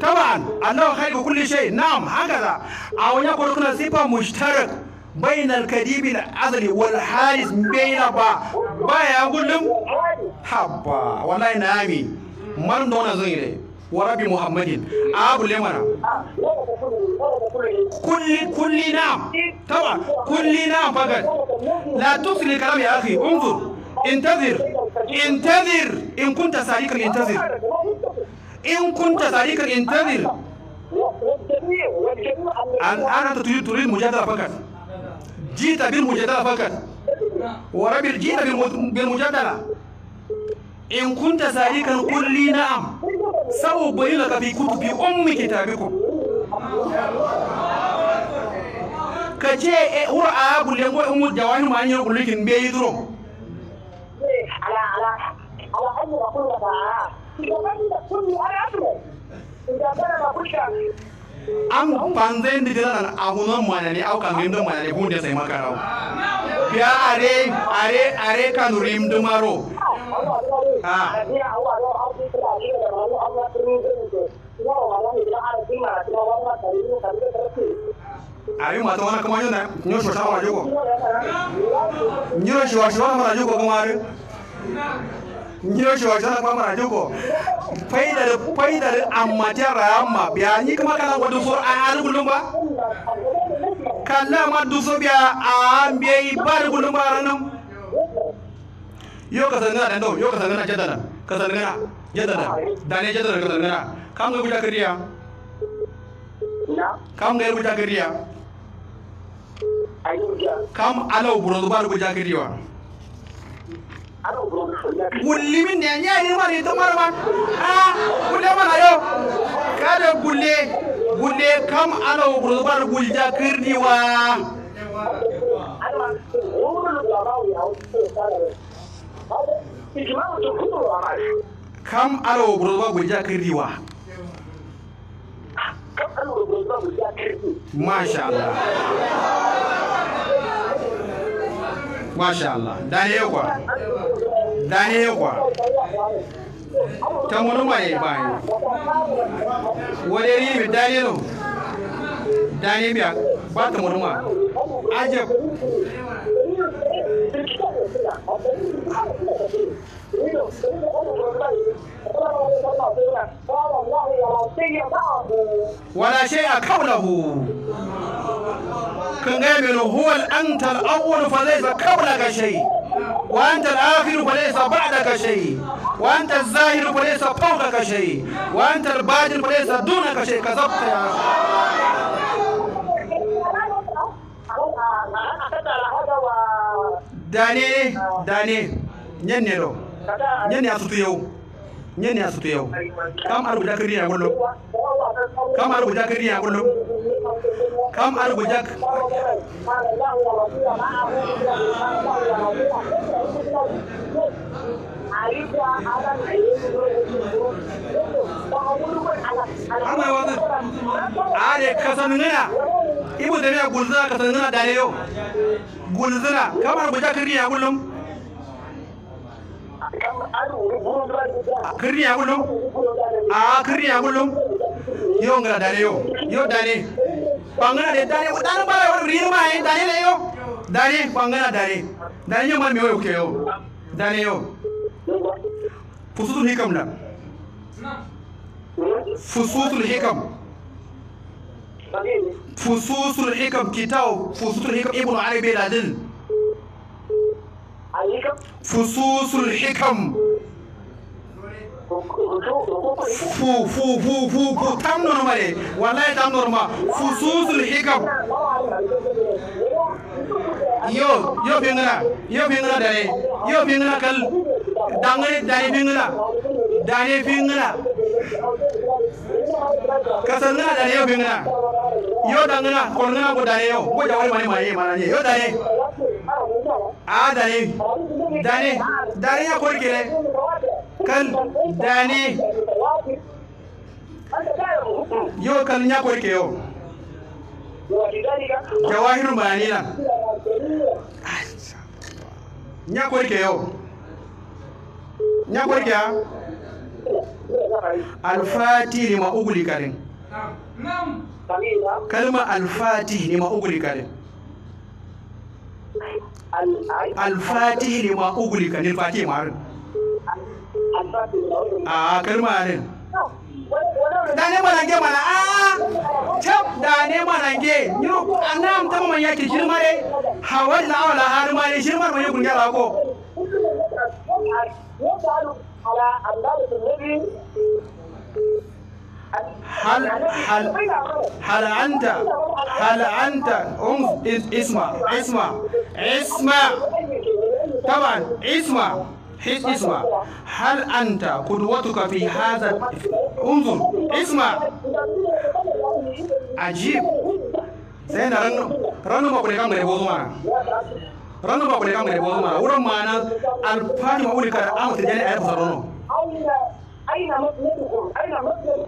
taban khair khairu kulli shay na'am hakaza a wani kuna sifa mushtarak bain al-kadibi al-azli wal haris baina ba baya gullum habba wallahi na'ami man dona zan yi wa rabi muhammadin abu lemara kulli na tawa kulli na fagad la tusri kalam ya akhi unzur intazir in kunta in kunta sadiqa intazir an ana ta tuyu turin mujadala fagad jita bil mujadala fagad wa rabi jita bil in kunta sadikan kulli na'am sabu bayyana ka fi kutubi ummi ku ka ce e eh, wuro a bulle ngo umu jawani ma nyiro kulli kin be yidro ala ala ala hadu ka kullu ba kullu ala bana ma kusha an panzen di dilan a hunan manane au kan rimdo bu hunde sai makarau biya are are are kan rimdo maro ayi mata wana kama yona nyo shosha wana yuko nyo shosha wana yuko kumare nyo shosha wana wana yuko faida da faida da amma jara amma biya ni kuma kana gudu for a an gudun ba kallama duso biya a an biya ibar gudun ba ranan yo ka sanga dan do yo ka sanga jadala ka sanga jadala dane jadala ka sanga kam ga buja kariya kam ga buja kariya kam alaw buro zubar buja kariya bulli min ne nya ni mari to marma ah bulle mana yo kada bulle bulle kam alaw buro zubar buja kariya kam aro gurba guja kiriwa masha Allah masha Allah dane yakwa dane yakwa ta mun mai bai wadari mi dane no dane biya ba ta mun ma ajab ولا شيء قبله كان هو أنت الأول فليس قبلك شيء وأنت الآخر فليس بعدك شيء وأنت الظاهر فليس فوقك شيء وأنت الباطن فليس دونك شيء كذبت يا dane dane nyen ne do nyen ne asutu yau ñen ya sutu yow kam ar bujak riya gollum kam ar bujak riya gollum kam ar bujak amma wata are kasanunina ibu da gulzana gulzuna kasanunina dare gulzana kam kamar bujak riya gollum kirriya kullum a kirriya kullum yo ngara dane yo yo dane bangana de dane ko dane bara wor rinu ma dane le yo dane bangana dane dane yo man mi yo ke yo dane yo fusutul hikam na fusutul hikam fusutul hikam kitab fusutul hikam ibnu arabi ladin fususul hikam fu fu fu fu fu tamnormare wallahi tamnorma fususul hikam yo yo bingana yo bingana dare yo bingana kal dangare dare bingana dare bingana kasangana dare yo bingana yo dangana korngana go dare yo go jawari mane mane mane yo dare adani ah, dani dani ya gele kan dani yo ya nya ke yo na ya nya ke yo nya kurke ya ah. alfatih ma ugli kare kalma alfatih ma ugli kare alfatih lima ne ka ma harin ah, a harin da ne malange mana a ah, jab da ne malange yiro annam ta mamman yaki, girmare hawar na awala harin ma ne girmar mai gungar ko هل هل هل أنت هل أنت اسمع اسمع اسمع طبعا اسمع اسمع هل أنت قدوتك في هذا انظر اسمع عجيب sai na ranar ba ku da kan gare bozo mana ranar ba ku da kan gare bozo mana wurin ma'ana alfani ma'ulika da amurta jani a yadda sarano أين مطلبكم؟ أين مطلب؟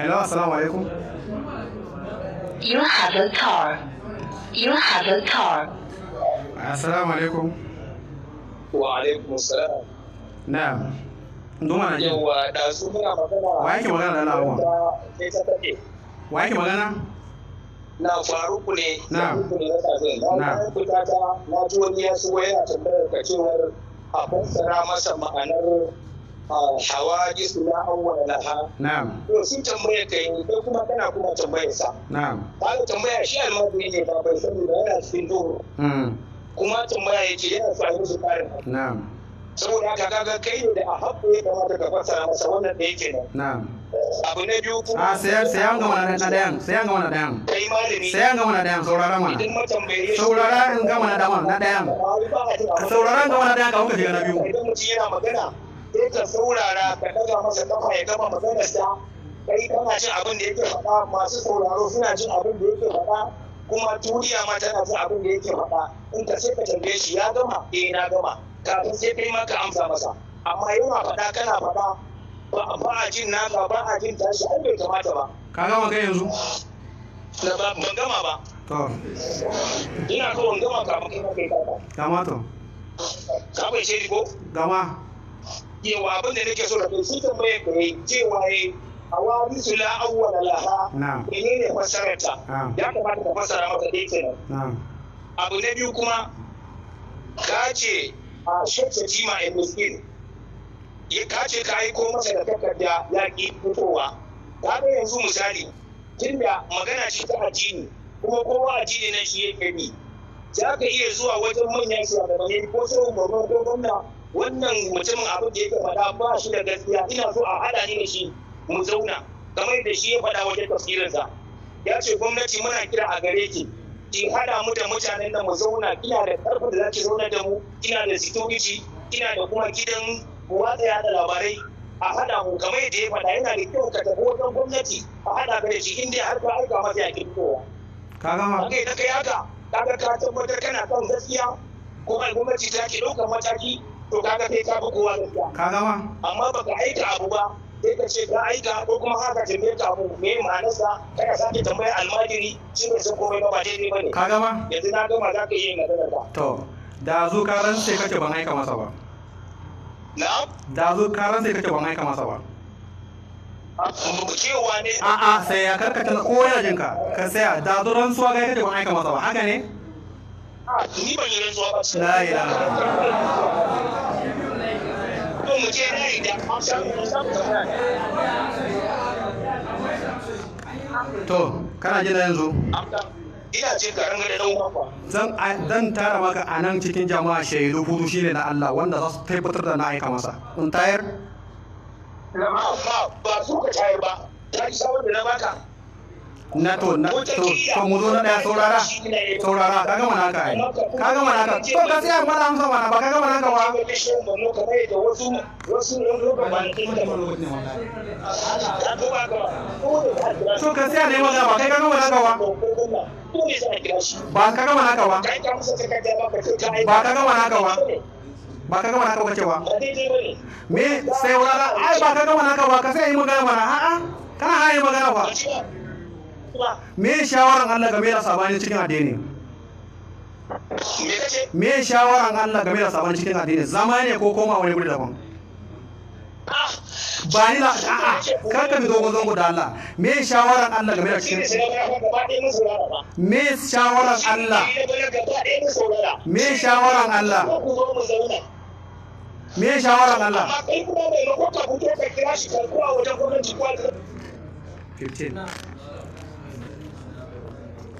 Hello, assalamu alaikum. You have a car. You have a car. Assalamu alaikum. Wa alaikum salam. Na'am. Nduma na jin. Yawa da su muna magana. Wa yake magana da lawa? Wa yake magana? na faruku ne na hukun wata zai na fita ta na ji wani ya shigo yana tambayar ka cewar a fassara masa ma'anar hawa jisu na awwala laha na'am to sun tambaya kai ko kuma kana kuma tambayar sa na'am ba tambaya shi almajiri ne ba bai sani ba yana cikin duhu mm. kuma tambaya yake yana fahimci karin na'am saboda haka kaga kai ne da a haɓɓe ya kamata ka fasa masa wannan da yake nan abu na biyu kuma ah, a sayan sayan ga mana na dayan sayan ga mana dayan kai malami sayan ga mana dayan saurara mana idan matambaye saurara in ga mana dayan na dayan saurara ga mana dayan ka kuka shiga na biyu idan mutum yana magana sai ka saurara ka daga masa kafa ya gama maganar sa kai kana jin abin da yake faɗa masu sauraro suna jin abin da yake faɗa kuma turiya ma tana jin abin da yake faɗa in ka sai ka tambaye shi ya gama eh na gama kafin sai kai maka amsa masa amma yana faɗa kana faɗa ba a jin naka ba a jin tashi ai bai kamata ba ka gama kai yanzu Na ba ban gama ba to ina so ban gama kafin kai ma kai ka gama to ka bai shi ko gama yawa abin da nake so da kai shi tambaye ka yi cewa yi a wani Laha, la ne ne menene ta. ya kamata ka fassara maka dai kenan abu na biyu kuma ka ce a shakka jima a miskin ya kace ka aiko masa da takarda ya ki fitowa ka ga yanzu misali tunda magana ce ta addini kuma kowa addini nan shi yake bi za ka iya zuwa wajen manyan shugabanni ko shugaban ko gwamna wannan mutumin abin da yake faɗa ba shi da gaskiya ina so a haɗa ni da shi mu zauna kamar da shi ya faɗa wajen tafsirinsa ya ce gwamnati muna kira a gare ki ki haɗa mu da mutanen da mu zauna kina da ƙarfin da za ki zauna da mu ina da security ina da kuma gidan watsa yada labarai a haɗa mu kamar yadda ya faɗa yana da kyau ka tafi wajen gwamnati a haɗa ka da shi inda har ka aika masa yakin kowa. Ka gama. Ka kai haka kaga ka tabbatar kana kan gaskiya kuma gwamnati ta ke ɗaukar mataki to kaga sai ka bi kowa gaskiya. Ka gama. Amma baka aika abu ba sai ka ce ka aika ko kuma haka tambayar ka abu me ma'anarsa ka ka sake tambayar almajiri shi ne sun komai ba ba daidai ba ne ka gama yanzu na gama za ka iya nazarar ka to da zo karan sai kake ban aika masa ba na'am da zo ka sai kake ban aika masa ba cewa ne a'a sai ya karkata ko yana jinka ka saya da zu ransuwa ga yake ban aika masa ba haka ne ni ban yi rantsuwa ba la ilaha ɗauke da to kana jina yanzu ina ce ka rangare da dan kwakwa zan dan tara maka a nan cikin jama'a shaidu hudu shine na Allah wanda za su tabbatar da na aika masa in tayar ba su ka tayar ba ta isa wanda na baka na to na to to mu zo na daya saurara saurara ka gama naka ai ka gama naka to ka sai mana amsa mana ba ka gama naka ba to ka sai ne maka ba kai ka gama naka ba ba ka gama naka ba ba ka gama naka ba ba ka gama naka ba cewa me sai wurara ai ba ka gama naka ba ka sai yi magana mana a'a kana haye magana ba me shawaran Allah game da sabani cikin addini me shawaran Allah game da sabani cikin addini zama ne ko koma wani guri daban ba ni la a a ka mi dogon zango da Allah me shawaran Allah game da cikin me shawaran Allah me shawaran Allah me shawaran Allah amma kuma mai makwabta ku ta kira shi a wajen gwamnati kwa 15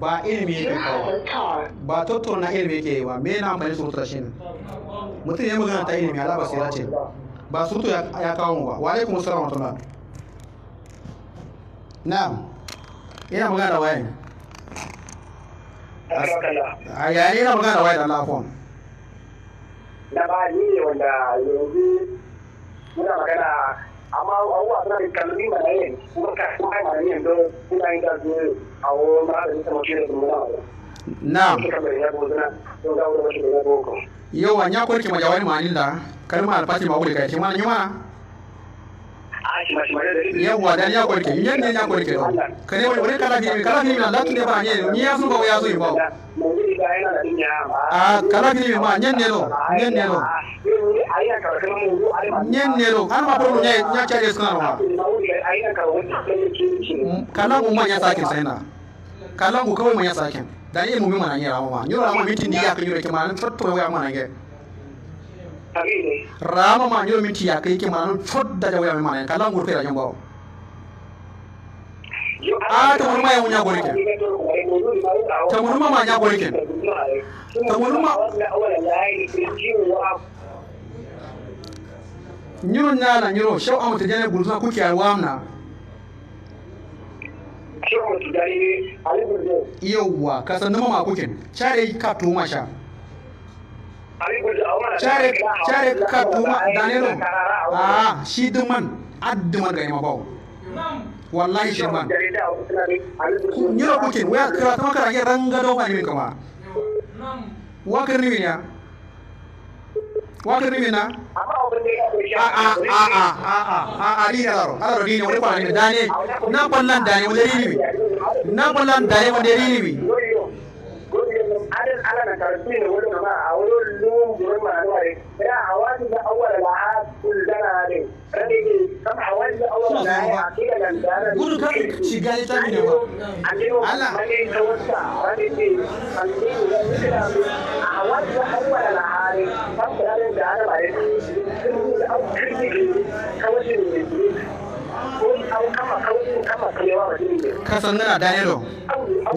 ba ilimi yake kawo ba tattauna ilimi yake ba me na amfani surutar da shi ne mutum ya magana ta ilimi ala ba basira ce ba surutu ya kawo ba wa alaikum assalam wa rahmatullah na'am ina magana da waye a yayin ina magana da waye da lafon na ba ni ne wanda yanzu muna magana àmọ́ ọwọ́ àtúntò ìkànnì ní ìmọ̀lẹ́ yẹn wọ́n kà fún àìmọ̀lẹ́ yẹn tó Yawa nya kwarki ki ma'anin da kalmar alfati ma ko da mana nyuma yawwa dan ya gorke in yanne ya gorke ba ka ne wani karafi karafi min Allah tun da ba ne ni ya su ba ya zo ba a ah, karafi min ma yanne lo yanne lo ne lo har ma ne ya kare suna ba hmm, kala mu ma ya sakin sai na kala mu kawai mu ya sakin dan ilmu mi mana ne rawa ma yura ma mitin ni ya kan yura ke ma nan tattoya ma mana ga rama ma ñoo min tiya kay ke manan fot da wayam manan kala ngur fera ñambo a to mun maya wunya gore ken ta mun ma ma nya gore ken ta mun ma ñiro ñala ñiro shaw amata jene bulsa ku kiyar wamna yauwa ka sannu ma kukin care ka tuma sha care care ka duma danelo ah shi duman adduma ga imabawo wallahi shi man nyiro kuke waya kira ta makara ya ranga do ba min kama wakar ni ya wakar ni na a a ah, a ah, a ah, a a a ri ya daro ala ro dini wani kwa ni dane na ballan dane wani ri ni na ballan dane wani ri ne wani مهمه على يا حوادث اول العاب كل سنه هذه كم حوادث اول العاب عقيده لندانا قول كم شقالي تاني على راني توسع راني في حوادث اول العاب كم سنه لندانا بعدين كم حوادث kasan nana dayalo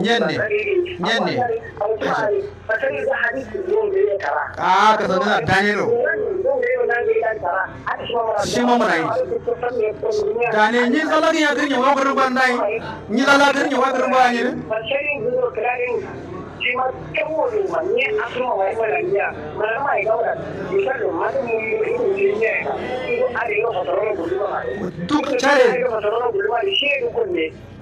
nyenne nyenne a kasan nana mara yi murai ne ni zalaga ya ganya wa gurbandai ni zalaga ya wa gurbandai ne c u m a kemuri manye asuma wai malanya malama igawara misalo madu mumuri mujinye ngo ari yo fotoro ngulima duk chare fotoro ngulima shi ko ne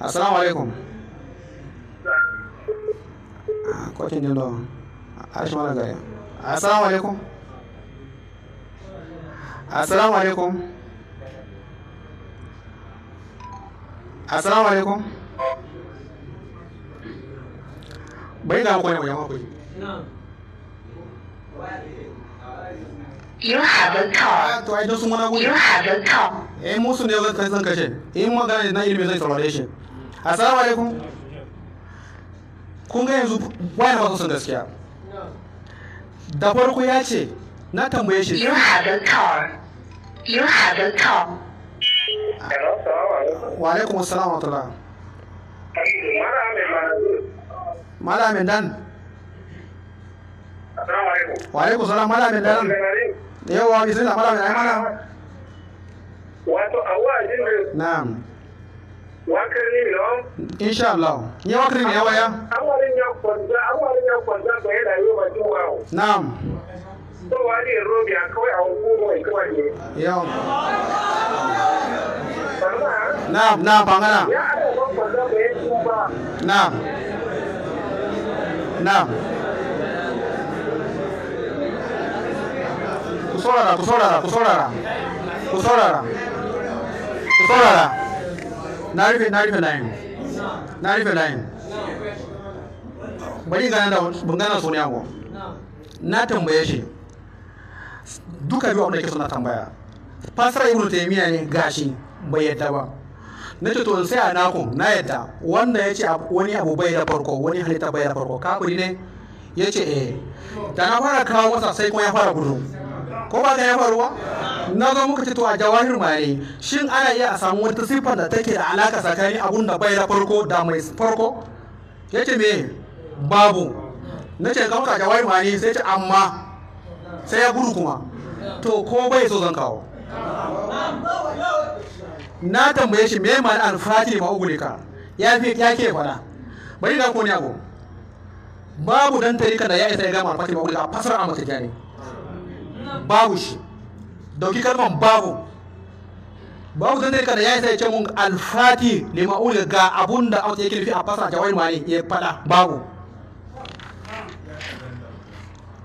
assalamu alaikum ah, kwakin jin don ashi mana gari assalamu alaikum assalamu alaikum assalamu alaikum bai da akwai mai yamakuri You haven't talked. Ah, to I just wanna You haven't talked. Eh musu kashe. In magana na ilimi zai saurare shi. assalamu alaikum kun ga yanzu wani ba son gaskiya da farko ya ce na tambaye shi you have a car you have a car wa alaikum assalam wa malamin dan wa alaikum salam malamin dan Wa bismillah malamin ai malam wato awajin na'am wakirni lo insha Allah ni wakirni ya waya awarin ya kwanza awarin ya kwanza to yana yi wa duwa na'am to wani robi a kawai a hukumo ikwa ne ya na'am na'am bangana ya awarin kwanza to ya tuba na'am na'am ku saurara ku saurara ku saurara ku saurara ku saurara na rufe na rufe layin na rufe layin bari gana da ban gana so ne abu na tambaye shi duka biyu abin da ke suna tambaya fasara ibnu taymiya ne gashi bai yadda ba na ce to sai a nakun na yadda wanda ya ce wani abu bai da farko wani halitta bai da farko kafiri ne ya ce eh da na fara kawo wasa sai kuma ya fara gudu ko ba ta ya faruwa na zo muka ce to a jawahir ne, shin ana iya a samu wata siffar da take da alaka tsakanin abun da bai da farko da mai farko ya ce me babu na ce kawo ka jawahir ne sai ce amma sai ya gudu kuma to ko bai so zan kawo na tambaye shi me ma'ana alfati ma ka ya fi ya ke faɗa bari na ko ne abu babu dan tarika da ya isa ya gama alfati ma ka fasara a mace jani babu shi dauki kalmar babu babu zan ka da ya sai ce mun alfati ne ma'uli ga abun da auta ya nufi a fasa jawai mani ya fada babu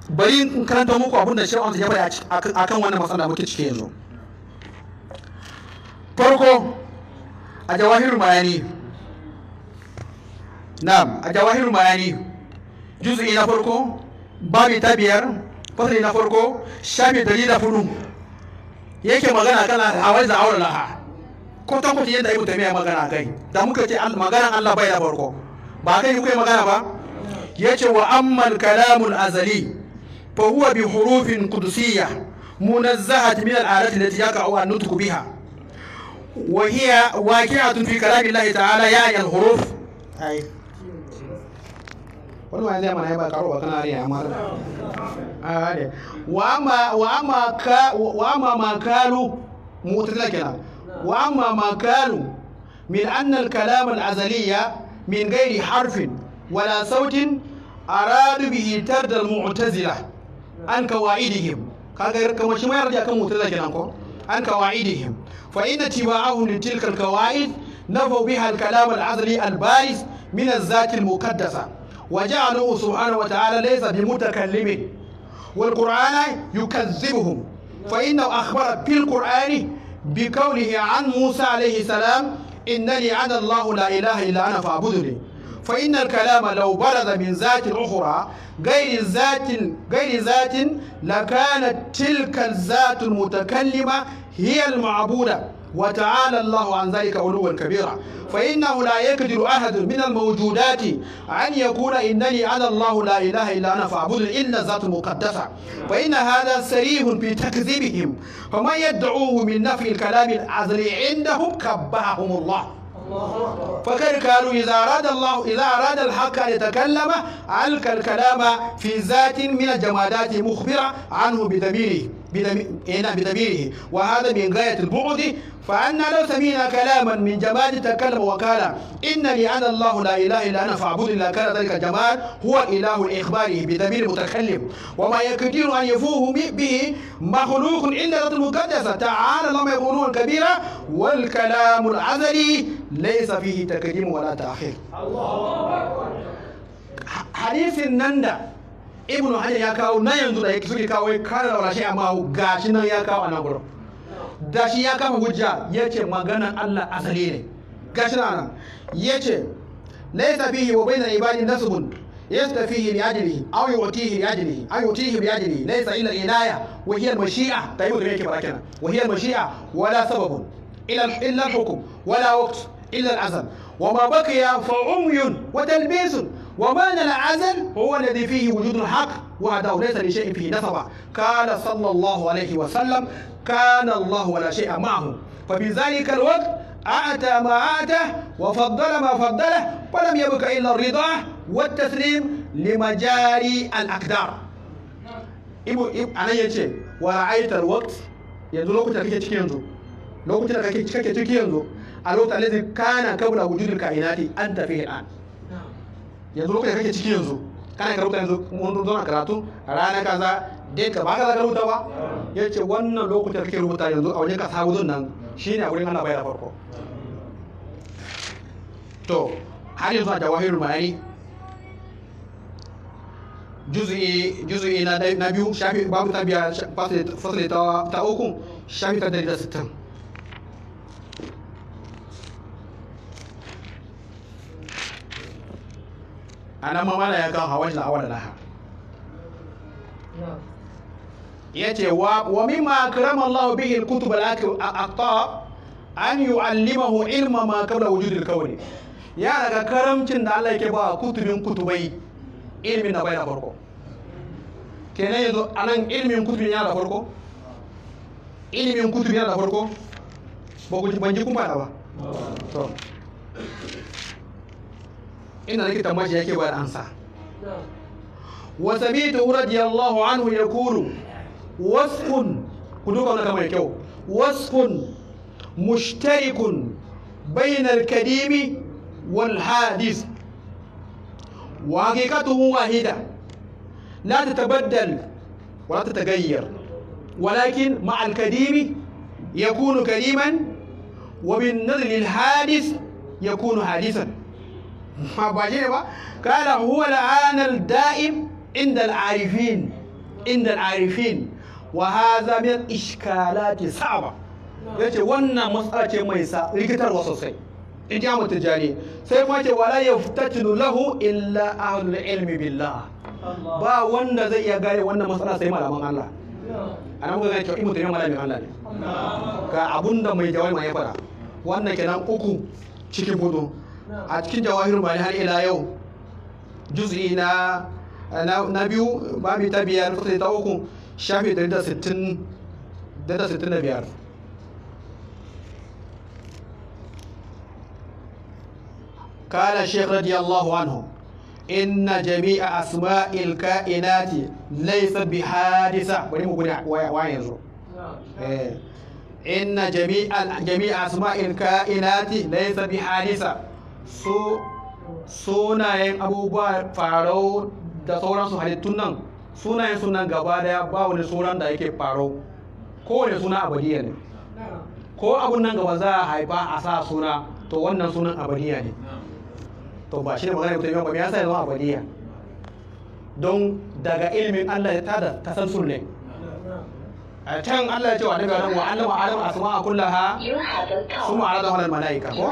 bari in karanta muku abun da shirin ya bari a kan wannan da muke ciki yanzu farko a jawahirul bayani Na, a jawahirul bayani juz'i na farko babi ta biyar fasali na farko shafi dari da fudu yake magana kan a da aure laha ko ta kuce yadda ibnu taymiya magana kai da muka ce magana Allah bai da farko ba kai yi magana ba Ya ce wa amman kalamun azali fa huwa bi hurufin qudusiyyah munazzahat min al-alati allati yaqa'u an-nutqu biha وهي واقعة fi كلام الله تعالى ya الحروف أي من أن الكلام الأزلي من غير حرف ولا صوت أراد به ترد المعتزلة عن قواعدهم كما شما عن قواعدهم فإن اتباعهم لتلك القواعد نفوا بها الكلام الأزلي البارز من الذات المقدسة وجعله سبحانه وتعالى ليس بمتكلم والقرآن يكذبهم فإنه أخبر بالقرآن بقوله عن موسى عليه السلام إنني أنا الله لا إله إلا أنا فاعبدني فإن الكلام لو برز من ذات أخرى غير ذات غير ذات لكانت تلك الذات المتكلمة هي المعبودة وتعالى الله عن ذلك علوا كبيرا فإنه لا يقدر أحد من الموجودات أن يقول إنني أنا الله لا إله إلا أنا فاعبد إلا ذات مقدسة فإن هذا سريح في تكذيبهم فمن يدعوه من نفي الكلام العزلي عندهم كبههم الله فكر قالوا إذا أراد الله إذا أراد الحق أن يتكلم ألقى الكلام في ذات من الجمادات مخبرة عنه بدميره بدميره وهذا من غاية البعد فأنا لو سمينا كلاما من جماد تكلم وقال إن أنا الله لا إله إلا أنا فاعبدني كان ذلك الجماد هو إله إخباره بضمير متكلم وما يكدر أن يفوه به مخلوق إلا ذات المقدسة تعالى لما يقولون الكبيرة والكلام العذري ليس فيه تكريم ولا تأخير الله أكبر حديث النندا ibnu hajar ya kawo na yanzu da yake suke kawo kare da shi amma shi nan ya kawo a nan da shi ya kama hujja ya ce maganan Allah asali ne shi nan ya ce laisa fihi wa bayna ibadi nasbun يستفيه بأجله ya يؤتيه بأجله أو يؤتيه بأجله wa إلا الإناية ke fara kenan. ريك mashi'a wala المشيئة ولا hukum. Wala ومعنى العزل هو الذي فيه وجود الحق وهذا ليس لشيء فيه نسبة قال صلى الله عليه وسلم كان الله ولا شيء معه ففي ذلك الوقت أعتى ما أعتى وفضل ما فضله ولم يبق إلا الرضا والتسليم لمجاري الأقدار ibu anan ya ce wa ra'aitar waqt yanzu lokutan da kake ciki yanzu lokutan da kake ciki yanzu a lokacin da kana kabla wujudul kainati anta fihi al'an yanzu lokacin kake cikin yanzu kana karɓar yanzu mun zo na karatu rana kaza dai ka baka ka za ka ba ya ce wannan lokacin kake rubuta yanzu a wajen ka sabudun nan shine a wurin ana bai da farko to har yanzu a jawahirul ma'ani juz'i juz'i na biyu shafi babu biya fasali ta uku shafi ta dari da sittin. a nan ma ya kan hawa da awar laha ya ce wa wa mimma akrama Allah bihi al-kutub al-aqta an yu'allimahu ilma ma qabla wujud al-kawn ya daga karamcin da Allah yake ba kutubin kutubai ilmin da bai da farko kenan yanzu anan ilmin kutubin ya da farko ilmin kutubin ya da farko ba ku ban ji kun ba to ina nake tambayar shi yake bayar ansa wa sabitu radiyallahu anhu yaqulu wasfun ku duka wannan kalmar kyau wasfun mushtarikun بين الكريم والحادث وحقيقته واحدة لا تتبدل ولا تتغير ولكن مع الكريم يكون كريما وبالنظر للحادث يكون حادثا ba shi ne ba kala huwa la'anar da'im inda al'arifin inda al'arifin wa haza saba yace wannan matsala ce mai sa rikitarwa sosai in ji sai kuma ce wala lahu illa ilmi billah ba wanda zai iya wannan matsala sai malaman Allah ana muka gane malamin Allah ne ga abunda mai jawabi mai ya fara wannan kenan uku cikin hudu a cikin jawahir mani har ila yau juz'i na na biyu babi ta biyar fasali ta uku shafi 165 قال الشيخ رضي الله عنه إن جميع أسماء الكائنات ليس بحادثة إن جميع جميع أسماء الكائنات ليس بحادثة su sunayen abubuwa farau da sauransu halittun nan sunayen sunan gaba daya ba wani sunan da yake farau kowane suna abadiya ne ko abun nan gaba za a haifa a sa suna to wannan sunan abadiya ne to ba shi ne magana mutum ba ya sa zama abadiya don daga ilimin Allah ya tada sun ne a can Allah ya ce wa annabi Adam wa allama Adam asma'a kullaha suma da halal malaika ko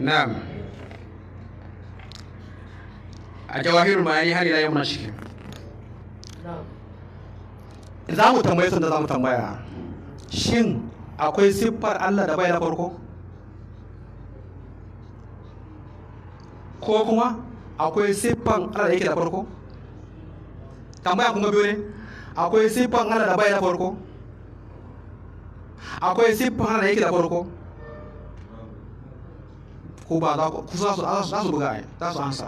na'am a jawahirul bayani har ila yau muna Naam. za mu tambaye sun da za mu tambaya shin akwai siffar Allah da bai da farko ko kuma akwai siffan Allah da yake da farko tambaya kuma biyu ne akwai siffan Allah da bai da farko akwai siffan Allah da yake da farko ko ba za ku za su buga za su ansa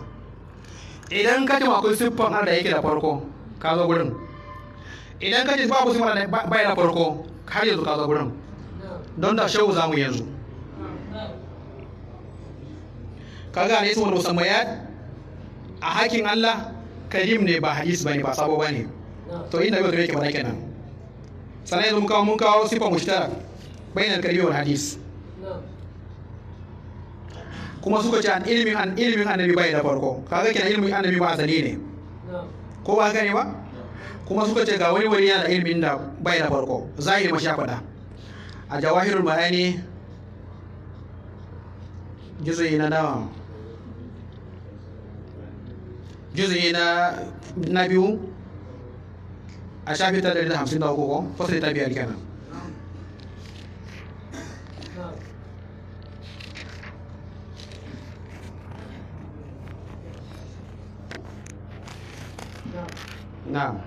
idan ka ji akwai siffan Allah da yake da farko ka zo gurin idan ka ce babu siffan Allah bai da farko har yanzu ka zo gurin don da shehu zamu yanzu ka gane ismul musammayat a hakkin Allah karim ne ba hadis bane ba sabo bane to inda bai yake ba kenan sanai yanzu mun kawo mun kawo siffan mushtarak bainal karimi wal hadis kuma suka ce an ilimin an ilimin annabi bai da farko kaga kina ilimin annabi ba asali ne ko ba gane ba kuma suka ce ga wani wani yana da ilimin da bai da farko zahiri mashi sha faɗa a jawahirul bayani juzuyi na nawa juzuyi na na biyu a shafi ta 153 ko fasali ta biyar kenan na'am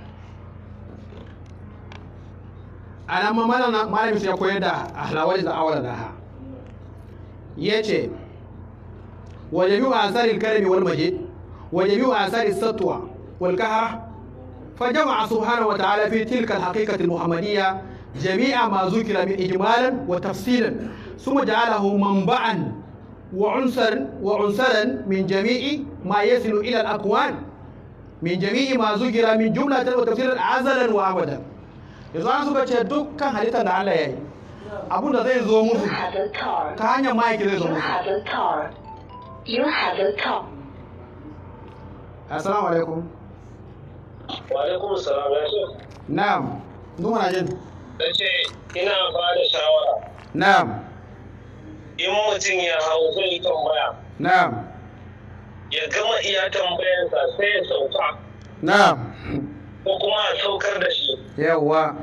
ana mamala malamin sai koyar da halawar da awar da ha yace wa jami'u asari karami wal majid wa jami'u asari satwa wal kahra fa jama'a subhanahu wa ta'ala fi tilka al haqiqati al muhammadiyya jami'a ma zukira min ijmalan wa tafsilan ثم جعله wa وعنصرا min jami'i جميع ما يصل الى الاكوان min jami'i ma zugira min jumlatin wa tafsirin azalan wa abadan yanzu an suka ce dukkan halitta da Allah ya yi abun da zai zo musu ta hanyar ma'aiki zai zo musu assalamu alaikum wa alaikum assalam ya ce na'am na jin da ce ina ba da shawara na'am in mutum ya hau zai tambaya na'am ya gama iya tambayarsa sai ya sauka na'am ko kuma a saukar da shi yawwa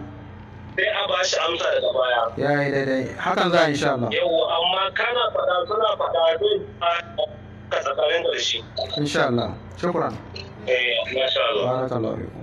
sai a ba shi amsa daga baya ya yi daidai hakan za a insha Allah yawwa amma kana faɗa suna faɗa don ka da ƙarshe insha Allah shukran eh masha Allah barakallahu